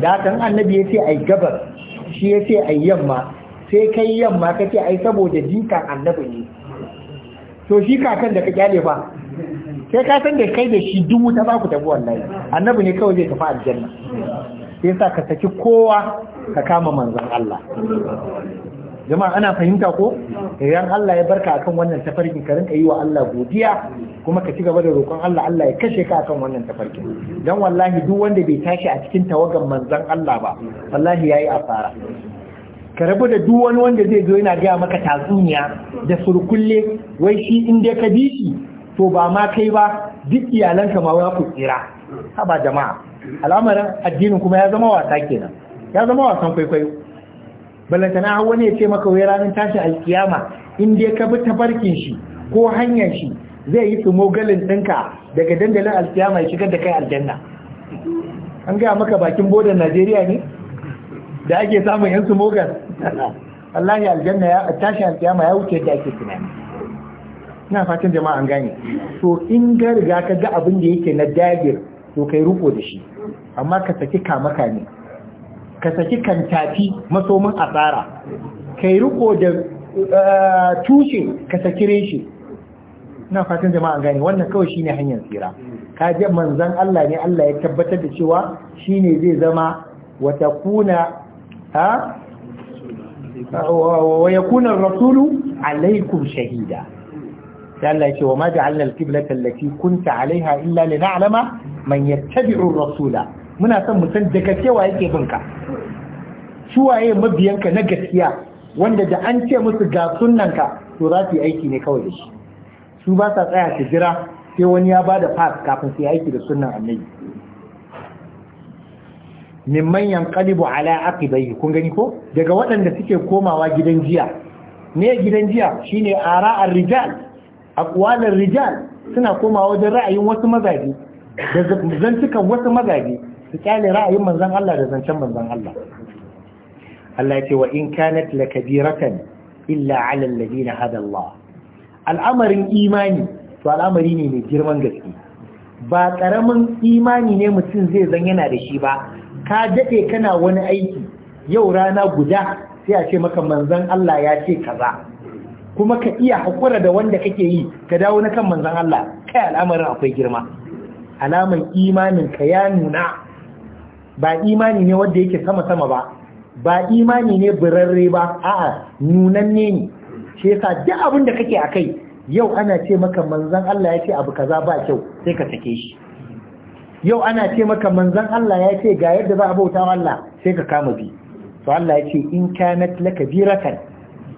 da kan annabi yace ai gabar shi yace ai yamma sai kai yamma kace ai saboda jinka annabi ne to shi kakan da ka kyale ba. sai ka san da kai da shi duk wuta za ku tafi wallahi annabi ne kawai zai tafi aljanna sai sa ka saki kowa ka kama manzon Allah jama'a ana fahimta ko idan Allah ya barka akan wannan tafarkin ka rinka yi wa Allah godiya kuma ka ci gaba da roƙon Allah Allah ya kashe ka akan wannan tafarkin dan wallahi duk wanda bai tashi a cikin tawagan manzon Allah ba wallahi yayi asara ka rabu da duk wani wanda zai zo yana gaya maka tatsuniya da surkulle wai shi inda ka bi shi to ba ma kai ba duk iyalanka ma ya ku tsira ba jama'a al'amarin addinin kuma ya zama wasa kenan ya zama wasan kwaikwayo ballantana har wani ya ce maka wai ranar tashi alkiyama in dai ka bi tabarkin shi ko hanyar shi zai yi tsimo galin ɗinka daga dandalin alkiyama ya shigar da kai aljanna an gaya maka bakin bodan najeriya ne da ake samun yan Allah wallahi aljanna ya tashi alkiyama ya wuce da ake tunani ina fatan jama'a an gane to in ga riga ka ga abin da yake na dagir to kai ruko da shi amma ka saki kamaka ne ka saki kantafi masomin asara kai ruko da eh, tushe ka saki reshe ina fatan jama'a an gane wannan kawai shine hanyar tsira ka je manzon Allah ne Allah ya tabbatar da cewa shine zai zama wa takuna ha wa yakuna ar-rasulu alaikum shahida sai Allah ya ce wa ma ja'alna al-qiblata allati kunta 'alaiha illa lin'alama man yattabi'u ar-rasula muna son mu san daga cewa yake bin ka su waye mabiyanka na gaskiya wanda da an ce musu ga sunnan ka to za su yi aiki ne kawai da shi su ba sa tsaya su jira sai wani ya bada pass kafin su yi aiki da sunnan annabi mimman yanqalibu ala aqibai kun gani ko daga waɗanda suke komawa gidan jiya ne gidan jiya shine ara'ar rijal aqwalar rijal suna komawa wajen ra'ayin wasu mazaje da zantukan wasu mazaje su kyale ra'ayin manzan Allah da zancen manzan Allah Allah ya ce wa in kanat lakabiratan illa 'ala alladhina hada Allah al'amarin imani to al'amari ne mai girman gaske ba karamin imani ne mutum zai zan yana da shi ba ka dade kana wani aiki yau rana guda sai a ce maka manzon Allah ya ce kaza kuma ka iya haƙura da wanda kake yi ka dawo na kan manzan Allah kai al'amarin akwai girma alaman imanin ka ya nuna ba imani ne wanda yake sama-sama ba ba imani ne birarre ba a'a nunanne ne shi yasa duk abin da kake akai yau ana ce maka manzan Allah ya ce abu kaza ba kyau sai ka sake shi yau ana ce maka manzan Allah ya ce ga yadda za a bauta Allah sai ka kama bi to Allah ya ce in kanat laka biratan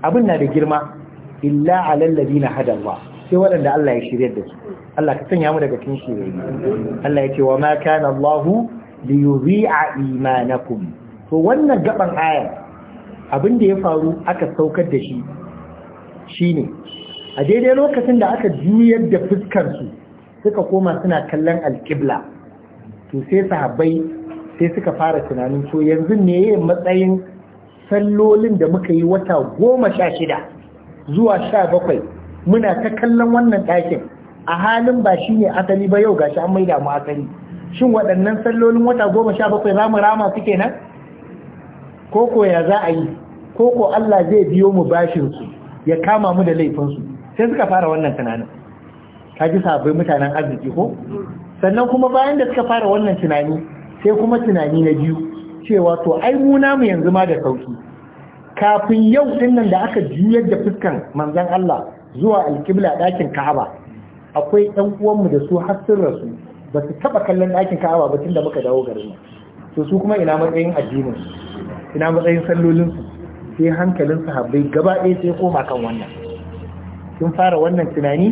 abin na da girma illa alal ladina hada Allah sai waɗanda Allah ya shirye da su Allah ka sanya mu daga cikin shirye Allah ya ce wa ma kana Allah li yudhi'a imanakum to wannan gaban ayar abin da ya faru aka saukar da shi shine a daidai lokacin da aka juyar da fuskar su suka koma suna kallon alqibla to sai sahabbai sai suka fara tunanin to yanzu ne matsayin sallolin da muka yi wata goma sha shida zuwa sha bakwai muna ta kallon wannan ɗakin a halin ba shi ne asali ba yau gashi an maida mu asali shin waɗannan sallolin wata goma sha bakwai za mu rama su kenan Ko ya za a yi koko Allah zai biyo mu bashin su, ya kama mu da laifinsu sai suka fara wannan tunanin ka ji sabai mutanen arziki ko sannan kuma bayan da suka fara wannan tunani sai kuma tunani na biyu cewa to ai mu namu yanzu ma da sauki kafin yau dinnan da aka juyar da fuskan manzon Allah zuwa alƙibla ɗakin Ka'aba akwai ɗan uwanmu da su har sun rasu ba su taɓa kallon ɗakin Ka'aba ba tun da muka dawo garin to su kuma ina matsayin addinin ina matsayin sallolin su sai hankalin habbai gaba ɗaya sai koma kan wannan sun fara wannan tunani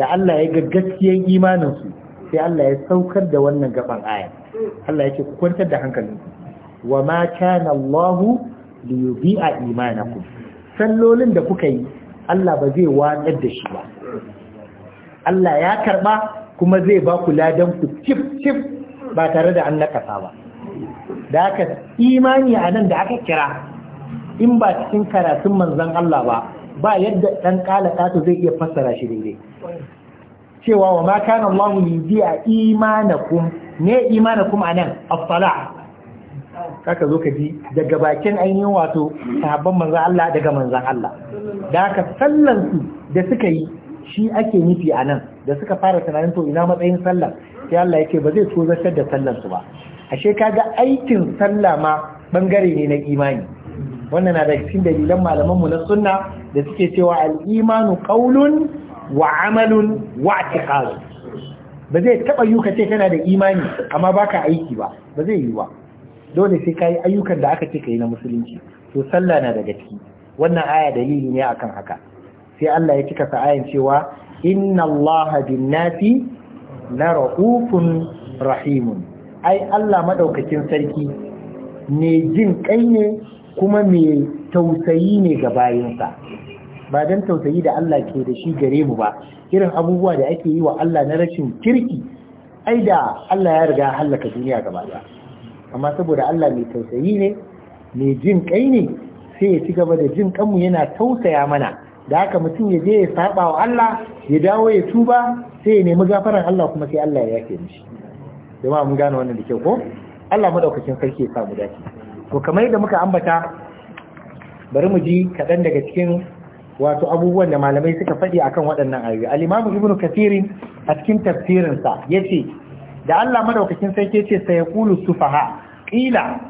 da Allah ya ga gaskiyar imanin su sai Allah ya saukar da wannan gaban aya Allah yake ku kwantar da hankalin ku wa ma kana Allahu liyubi a imanakum sallolin da kuka yi Allah ba zai watsar da shi ba Allah ya karba kuma zai ba ku ladan ku cif cif ba tare da an nakasa ba da aka imani a nan da aka kira in ba cikin karatun manzon Allah ba ba yadda dan kala tato zai iya fassara shi daidai cewa wa ma kana Allah yubi a imanakum ne imanakum anan as-salah zaka zo ka ji daga bakin ainihin wato sahabban manzan Allah daga manzan Allah da haka sallansu da suka yi shi ake nufi a nan da suka fara tunanin to ina matsayin sallar sai Allah yake ba zai so zartar da sallansu ba ashe kaga aikin sallah ma bangare ne na imani wannan na da cikin dalilan malaman mu na sunna da suke cewa al-imanu qawlun wa amalun wa i'tiqad ba zai taba yi kace kana da imani amma baka aiki ba ba zai yi ba dole sai ka yi ayyukan da aka ce yi na musulunci to sallah na daga ciki wannan aya dalili ne akan haka sai Allah ya cika sa ayan cewa inna Allah bin nasi la ra'ufun rahimun ai Allah madaukakin sarki ne jin kai ne kuma me tausayi ne ga bayinsa ba dan tausayi da Allah ke da shi gare mu ba irin abubuwa da ake yi wa Allah na rashin kirki ai da Allah ya riga halaka duniya gaba daya amma saboda Allah mai tausayi ne mai jin kai ne sai ya ci gaba da jin kanmu yana tausaya mana da haka mutum ya je ya saba wa Allah ya dawo ya tuba sai ya nemi gafaran Allah kuma sai Allah ya yafe mishi jama'a mun gane wannan da kyau ko Allah madaukakin sarki ya samu dace to kamar yadda muka ambata bari mu ji kaɗan daga cikin wato abubuwan da malamai suka faɗi akan waɗannan ayoyi al-imamu ibnu kathir a cikin tafsirinsa yace da Allah madaukakin sarki yace sayaqulu sufaha ƙila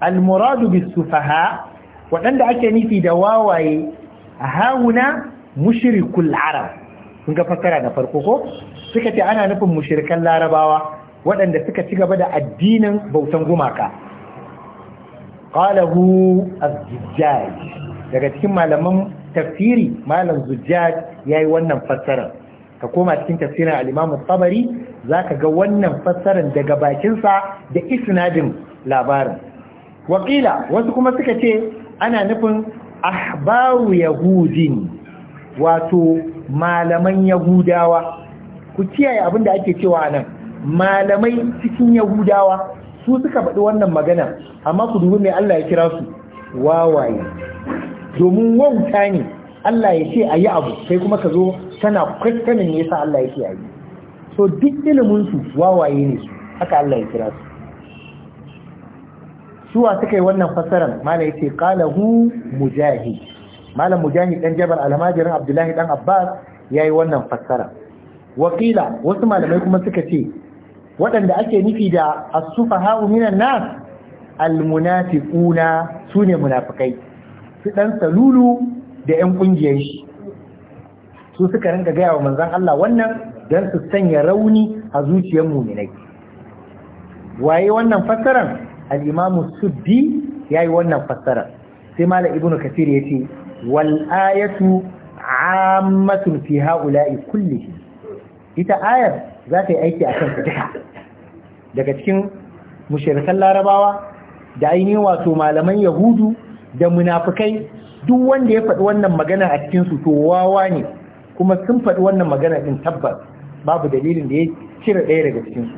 almuradu bis sufaha waɗanda ake nufi da wawaye a hauna mushrikul arab kun ga fassara da farko ko suka ce ana nufin mushrikan larabawa waɗanda suka ci gaba da addinin bautan gumaka qalahu az-zujjaj daga cikin malaman tafsiri malam zujjaj yayi wannan fassarar ka koma cikin tafsirin al-Imam tabari zaka ga wannan fassarar daga bakin sa da isnadin labarin wakila wasu kuma suka ce ana nufin ahbaru yahudin wato malaman yahudawa ku kiyaye abin da ake cewa nan malamai cikin yahudawa su suka faɗi wannan magana amma ku dubi mai Allah ya kira su wawaye domin wauta ne Allah ya ce a yi abu sai kuma ka zo tana kwaskanin ne yasa Allah ya ce a yi so duk iliminsu wawaye ne su haka Allah ya kira su suwa suka yi wannan fasaran malam ya ce qalahu mujahid malam mujahid dan jabar almajirin abdullahi dan abbas ya yi wannan fassara wakila wasu malamai kuma suka ce waɗanda ake nufi da asufa sufahau minan nas al sune munafikai su dan salulu da 'yan ƙungiyar shi su suka rinka gaya wa manzan Allah wannan don su sanya rauni a zuciyar muminai waye wannan fassarar al'imamu bi ya yi wannan fassarar sai mala ibnu kasir ya ce wal'ayatu ayatu ammatun fi ha'ula'i kulle. ita ayar za ta yi aiki a kan fita daga cikin mushirikan larabawa da ainihin wato malaman yahudu da munafukai, duk wanda ya faɗi wannan magana a cikin su to wawa ne kuma sun faɗi wannan magana din tabbas babu dalilin da ya cire ɗaya daga cikin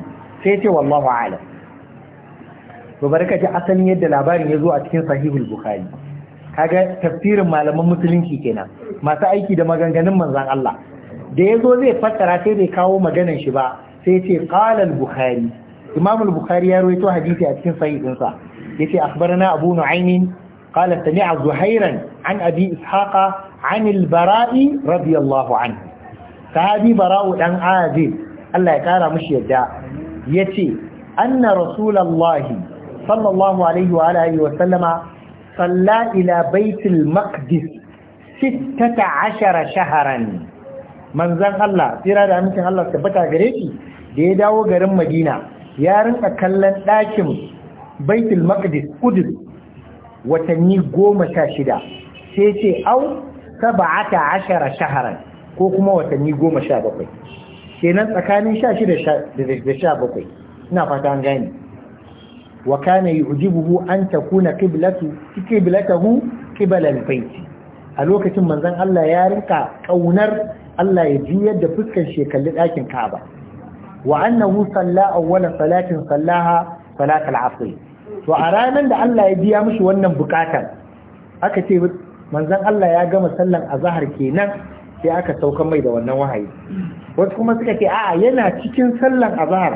sai ce wallahu a'lam to barka ji asalin yadda labarin ya zo a cikin sahihul bukhari kaga tafsirin malaman musulunci kenan masu aiki da maganganun manzon Allah da ya zo zai fassara sai bai kawo maganar shi ba sai ce qala al-bukhari imamul al-bukhari ya rawaito hadisi a cikin sahihinsa yace akhbarana abu nu'aymin قال سمع زهيرا عن أبي إسحاق عن البراء رضي الله عنه فهذه براء عن عازب الله يقال مش يدع يتي أن رسول الله صلى الله عليه وآله وسلم صلى إلى بيت المقدس ستة عشر شهرا من ذن الله ترى ده ممكن الله ثبتها غريتي da ya dawo garin madina ya rinka kallon ɗakin baitul maqdis kudus watanni goma sha shida sai ce au saba'ata ashara shaharan ko kuma watanni goma sha bakwai kenan tsakanin sha shida da sha bakwai ina fata an gane wa kana yu'jibuhu an takuna qiblatu qiblatahu qibla al a lokacin manzon Allah ya rinka kaunar Allah ya juyar da fuskar shi kalli dakin Ka'aba wa annahu salla awwala salatin sallaha salat asiri. asr to a ranar da Allah ya biya musu wannan bukatar aka ce manzan Allah ya gama sallan zahar kenan sai aka saukan mai da wannan wahayi wasu kuma suka ce a'a yana cikin sallan zahar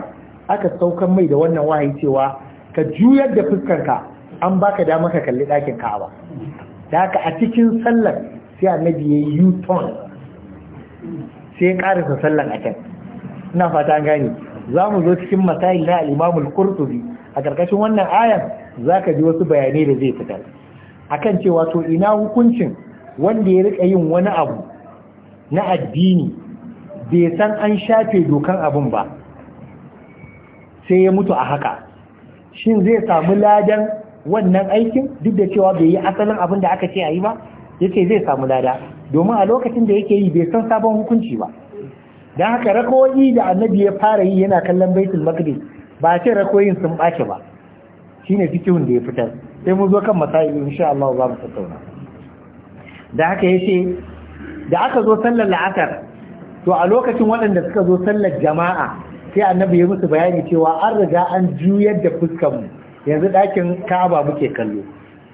aka saukan mai da wannan wahayi cewa ka juyar da fuskarka an baka dama ka kalli ɗakin Ka'aba da haka a cikin sallar sai annabi ya yi u-turn sai ya karasa sallar a can ina fata gani za mu zo cikin masail na al imamul a ƙarƙashin wannan ayan za ka ji wasu bayanai da zai fitar A kan cewa to ina hukuncin wanda ya rika yin wani abu na addini bai san an shafe dokan abin ba sai ya mutu a haka shin zai samu ladan wannan aikin duk da cewa bai yi asalin abin da aka ce a yi ba yace zai samu lada domin a lokacin da yake yi bai san sabon hukunci ba don haka rakawoyi da annabi ya fara yi yana kallon baitul maqdis ba ce rakoyin sun ɓace ba shine fikihun da ya fitar sai mu zo kan masailu insha Allah za mu tattauna da haka yace da aka zo sallar la'asar to a lokacin waɗanda suka zo sallar jama'a sai annabi ya musu bayani cewa an riga an juyar da fuskar mu yanzu ɗakin Ka'aba muke kallo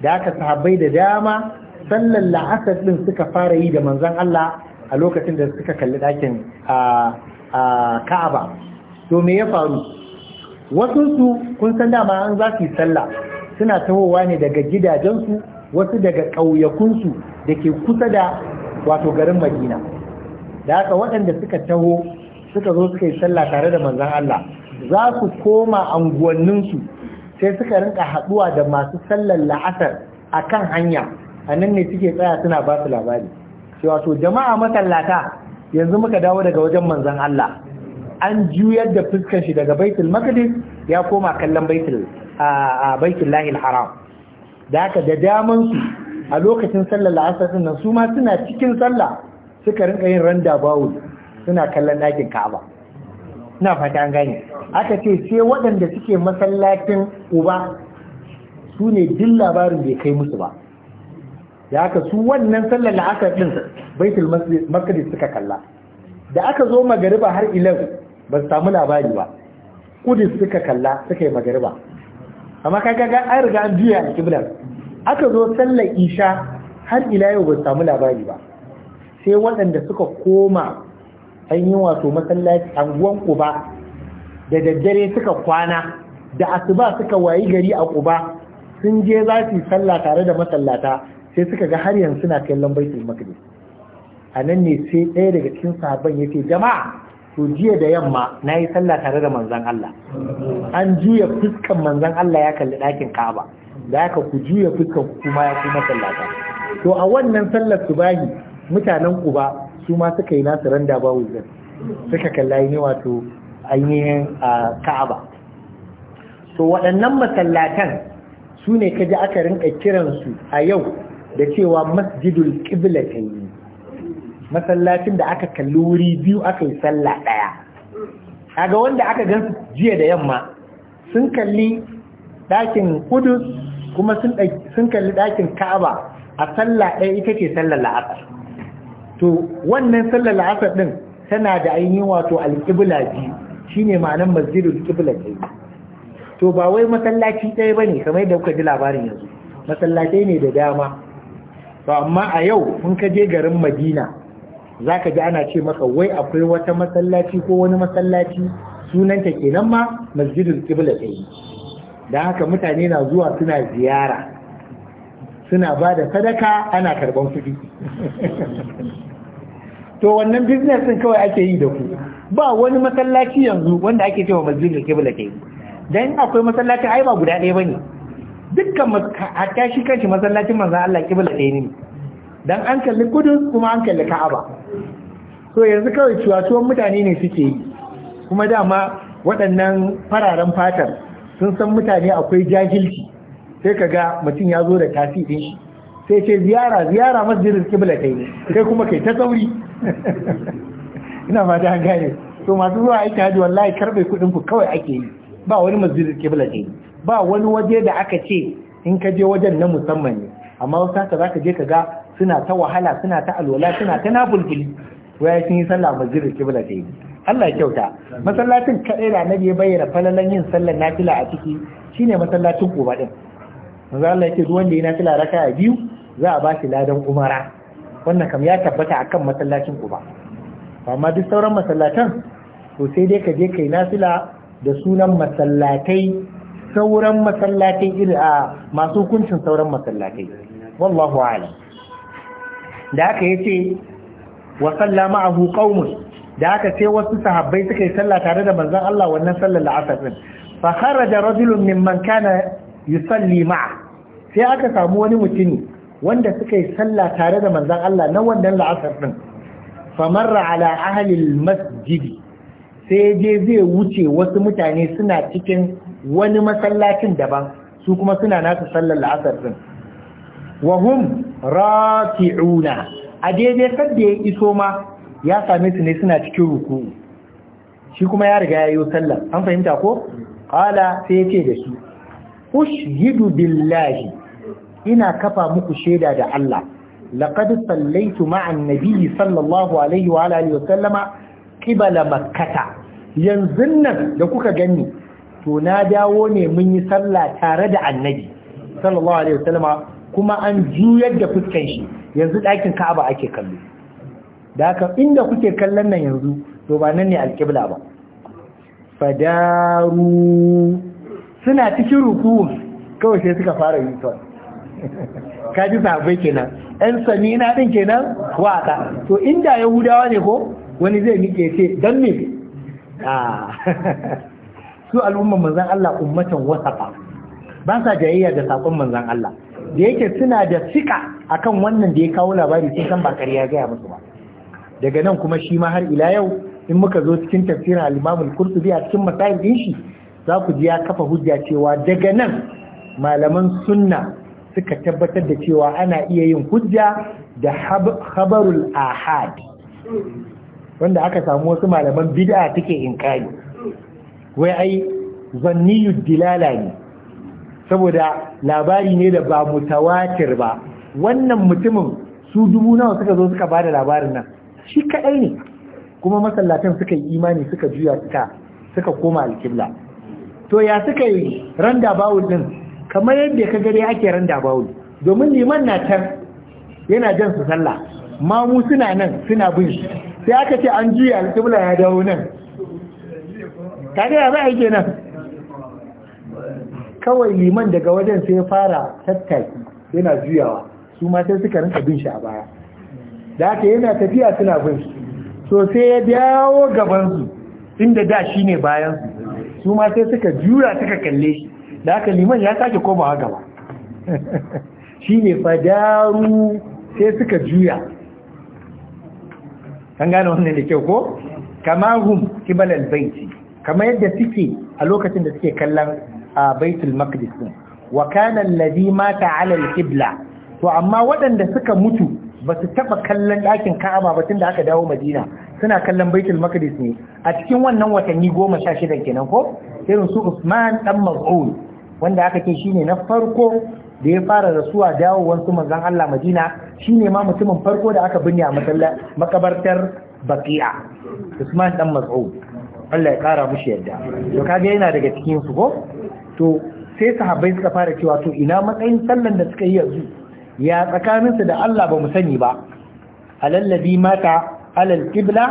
da aka sahabbai da dama sallar la'asar din suka fara yi da manzon Allah a lokacin da suka kalli ɗakin Ka'aba to me ya faru wasu kun san dama an za su yi sallah suna tahowa ne daga gidajensu wasu daga ƙauyakunsu da ke kusa da wato garin madina da haka waɗanda suka taho suka zo suka yi sallah tare da manzan Allah za su koma anguwanninsu sai suka rinka haɗuwa da masu sallar la'asar a kan hanya a nan ne suke tsaya suna ba su labari cewa wato jama'a masallata yanzu muka dawo daga wajen manzan Allah an juyar da fuskar shi daga baitul maqdis ya koma kallon baitul a baitul lahil haram da haka da daman su a lokacin sallar la'asar din su ma suna cikin sallah suka rinka yin randa bawul suna kallon ɗakin Ka'aba ina fata an gane aka ce sai waɗanda suke masallacin uba su ne din labarin bai kai musu ba da aka su wannan sallar la'asar din baitul maqdis suka kalla da aka zo magariba har ilau ba su samu labari ba kudus suka kalla suka yi magariba amma kaga ga an riga an juya a kiblar aka zo sallar isha har ila yau ba su samu labari ba sai waɗanda suka koma an yi wato masallaci anguwan kuba, da daddare suka kwana da asuba suka wayi gari a kuba, sun je za su yi sallah tare da masallata sai suka ga har yanzu suna kallon baitul maqdis a nan ne sai ɗaya daga cikin sahabban yake jama'a to jiya da yamma na yi sallah tare da manzan Allah an juya fuskan manzan Allah ya kalli ɗakin Ka'aba da haka ku juya fuskan ku kuma ya kuma sallata to a wannan sallar su bayi mutanen ku ba su ma suka yi nasu randa ba wuzan suka kalla yi wato ainihin Ka'aba to waɗannan masallatan su ne kaji aka rinka kiransu a yau da cewa masjidul qiblatayn masallacin da aka kalli wuri biyu aka yi sallah ɗaya kaga wanda aka gansu jiya da yamma sun kalli ɗakin kudus kuma sun kalli ɗakin ka'aba a sallah ɗaya ita ce sallar la'asar to wannan sallar la'asar ɗin tana da ainihin wato alƙibla biyu shine ma'anar masjidul ƙibla ce to ba wai masallaci ɗaya ba ne kamar yadda kuka ji labarin yanzu masallacai ne da dama to amma a yau mun ka je garin madina za ka ji ana ce maka wai akwai wata masallaci ko wani masallaci sunanta kenan ma masjidul qibla ta yi da haka mutane na zuwa suna ziyara suna ba da sadaka ana karban kuɗi to wannan business din kawai ake yi da ku ba wani masallaci yanzu wanda ake cewa masjidul qibla ta yi dan akwai masallaci ai ba guda ɗaya bane dukkan hatta shi kanshi masallacin manzon Allah ta ɗaya ne dan an kalli kudu kuma an kalli ka'aba so yanzu kawai cuwacuwan mutane ne suke yi kuma dama waɗannan fararen fatar sun san mutane akwai jahilci sai ka ga mutum ya zo da tasirin shi sai ce ziyara ziyara masjidin kibla kai kai kuma kai ta sauri ina fata ta gane to masu zuwa aiki hajji wallahi karbe kuɗin ku kawai ake yi ba wani masjidin kibla kai ba wani waje da aka ce in ka je wajen na musamman ne amma wasu haka za ka je ka ga suna ta wahala suna ta alwala suna ta nafulfuli wa sun yi sallah masjidul kibla ta yi Allah kyauta masallacin kaɗai da nabi ya bayyana falalan yin sallar nafila a ciki shine masallacin Quba din manzo Allah yake duk wanda ya nafila raka'a biyu za a ba shi ladan umara wannan kam ya tabbata akan masallacin Quba amma duk sauran masallatan to sai dai ka je kai nafila da sunan masallatai sauran masallatai a masu hukuncin sauran masallatai wallahu a'lam da aka yace wa sallama ahu qaumun da aka sai wasu sahabbai suka yi sallah tare da manzan Allah wannan sallar la'asar din fa da rajulun mimman kana yusalli ma'a sai aka samu wani mutumi wanda suka yi sallah tare da manzan Allah na wannan la'asar ɗin. fa marra ala ahalin masjidi sai je zai wuce wasu mutane suna cikin wani masallacin daban su kuma suna nasu sallar la'asar ɗin. wahum raki'una a daidai sanda ya iso ma ya same su ne suna cikin ruku'u shi kuma ya riga ya yi sallar an fahimta ko Ƙala sai yace da shi ushhidu billahi ina kafa muku shaida da Allah laqad sallaitu ma'an nabiyyi sallallahu alaihi wa alihi wa sallama qibala makkah yanzu nan da kuka gani to na dawo ne mun yi sallah tare da annabi sallallahu alaihi wa sallama kuma an juyar da fuskan shi yanzu ɗakin ka'aba ake kallo da haka inda kuke kallon nan yanzu to ba nan ne alƙibla ba fadaru suna cikin rukuwa kawai sai suka fara yi Ka ji sahabbai kenan ɗan sami na ɗin kenan wata to inda yahudawa ne ko wani zai miƙe ce don me ah. su al'umman manzan Allah ummatan wasafa ba sa jayayya da saƙon manzan Allah da yake suna da sika akan wannan da ya kawo labari sun san ba ƙarya gaya musu ba daga nan kuma shi ma har ila yau in muka zo cikin tafsirin al-Imam al-Qurtubi a cikin masail din shi za ku ji ya kafa hujja cewa daga nan malaman sunna suka tabbatar da cewa ana iya yin hujja da khabarul ahad wanda aka samu wasu malaman bid'a take inkari wai ai zanniyud dilala ne saboda labari ne da ba mutawatir ba wannan mutumin su dubu nawa suka zo suka ba da labarin nan shi kadai ne kuma masallatan suka yi imani suka juya suka suka koma alkibla to ya suka yi randa bawul din kamar yadda ka gare ake randa bawul domin liman na can yana jan su sallah mamu suna nan suna bin shi sai aka ce an juya alkibla ya dawo nan kaga ya za a yi kenan kawai liman daga wajen sai ya fara tattaki yana juyawa su ma sai suka rinka bin shi a baya da haka yana tafiya suna bin shi so sai ya dawo gabansu inda da shi ne bayansu su ma sai suka jura suka kalle shi da aka liman ya sake komawa gaba shi ne fadaru sai suka juya kan gane wannan da kyau ko kama hum kibalal baiti Kamar yadda suke a lokacin da suke kallon a baitul maqdis din wa kana alladhi mata ala al to amma waɗanda suka mutu ba su taɓa kallon ɗakin ka'aba ba tunda aka dawo madina suna kallon baitul maqdis ne a cikin wannan watanni goma sha shida kenan ko irin su usman dan maz'un wanda aka ce shine na farko da ya fara rasuwa dawowar su manzon Allah madina shine ma mutumin farko da aka binne a makabartar baqi'a usman dan maz'un Allah ya kara mushi yadda to kaga yana daga cikin su ko to sai sahabbai suka fara cewa to ina matsayin sallan da suka yi yanzu ya tsakaninsu da Allah ba mu sani ba alallabi mata alal qibla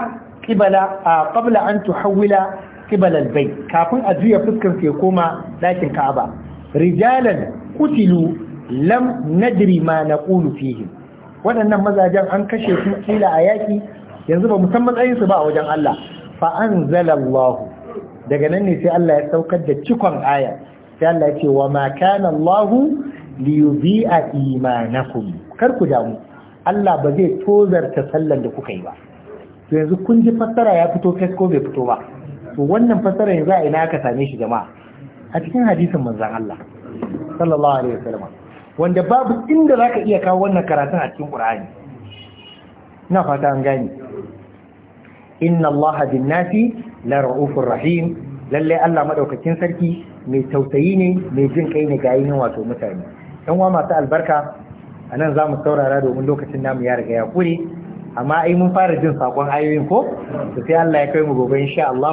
qibla a qabla an tuhawwila qibla bai. kafin a juya fuskar sai koma dakin Ka'aba rijalan kutilu lam nadri ma naqulu fihim waɗannan mazajen an kashe su kila a yaki yanzu ba mu san matsayin su ba a wajen Allah fa anzalallahu daga nan ne sai Allah ya saukar da cikon aya sai Allah ya ce wa ma kana Allah li imanakum kar ku damu Allah ba zai tozarta sallan da kuka yi ba to yanzu kun ji fassara ya fito fes ko bai fito ba to wannan fassara yanzu a ina aka same shi jama'a a cikin hadisin manzon Allah sallallahu alaihi wasallam wanda babu inda zaka iya kawo wannan karatun a cikin Qur'ani ina fata an gane inna binnasi bin nasi la ra'ufur rahim lalle Allah madaukakin sarki mai tausayi ne mai jin kai ne ga ainihin wato mutane yan wa masu albarka a nan za mu saurara domin lokacin namu ya riga ya kure amma ai mun fara jin sakon ayoyin ko to sai Allah ya kai mu gobe insha Allah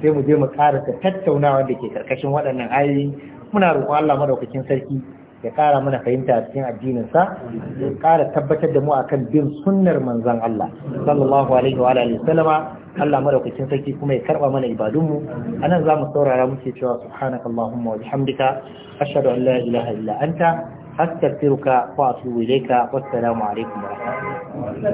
sai mu je mu ta tattaunawa da ke karkashin waɗannan ayoyi muna roƙon Allah madaukakin sarki ya ƙara mana fahimta a cikin sa ya ƙara tabbatar da mu akan bin sunnar manzon Allah sallallahu alaihi wa alihi wasallama Allah madaukakin sarki kuma ya karba mana ibadunmu anan zamu saurara muke cewa subhanakallahumma wa bihamdika ashhadu an la ilaha illa anta astaghfiruka wa atubu ilayka wassalamu alaikum wa rahmatullahi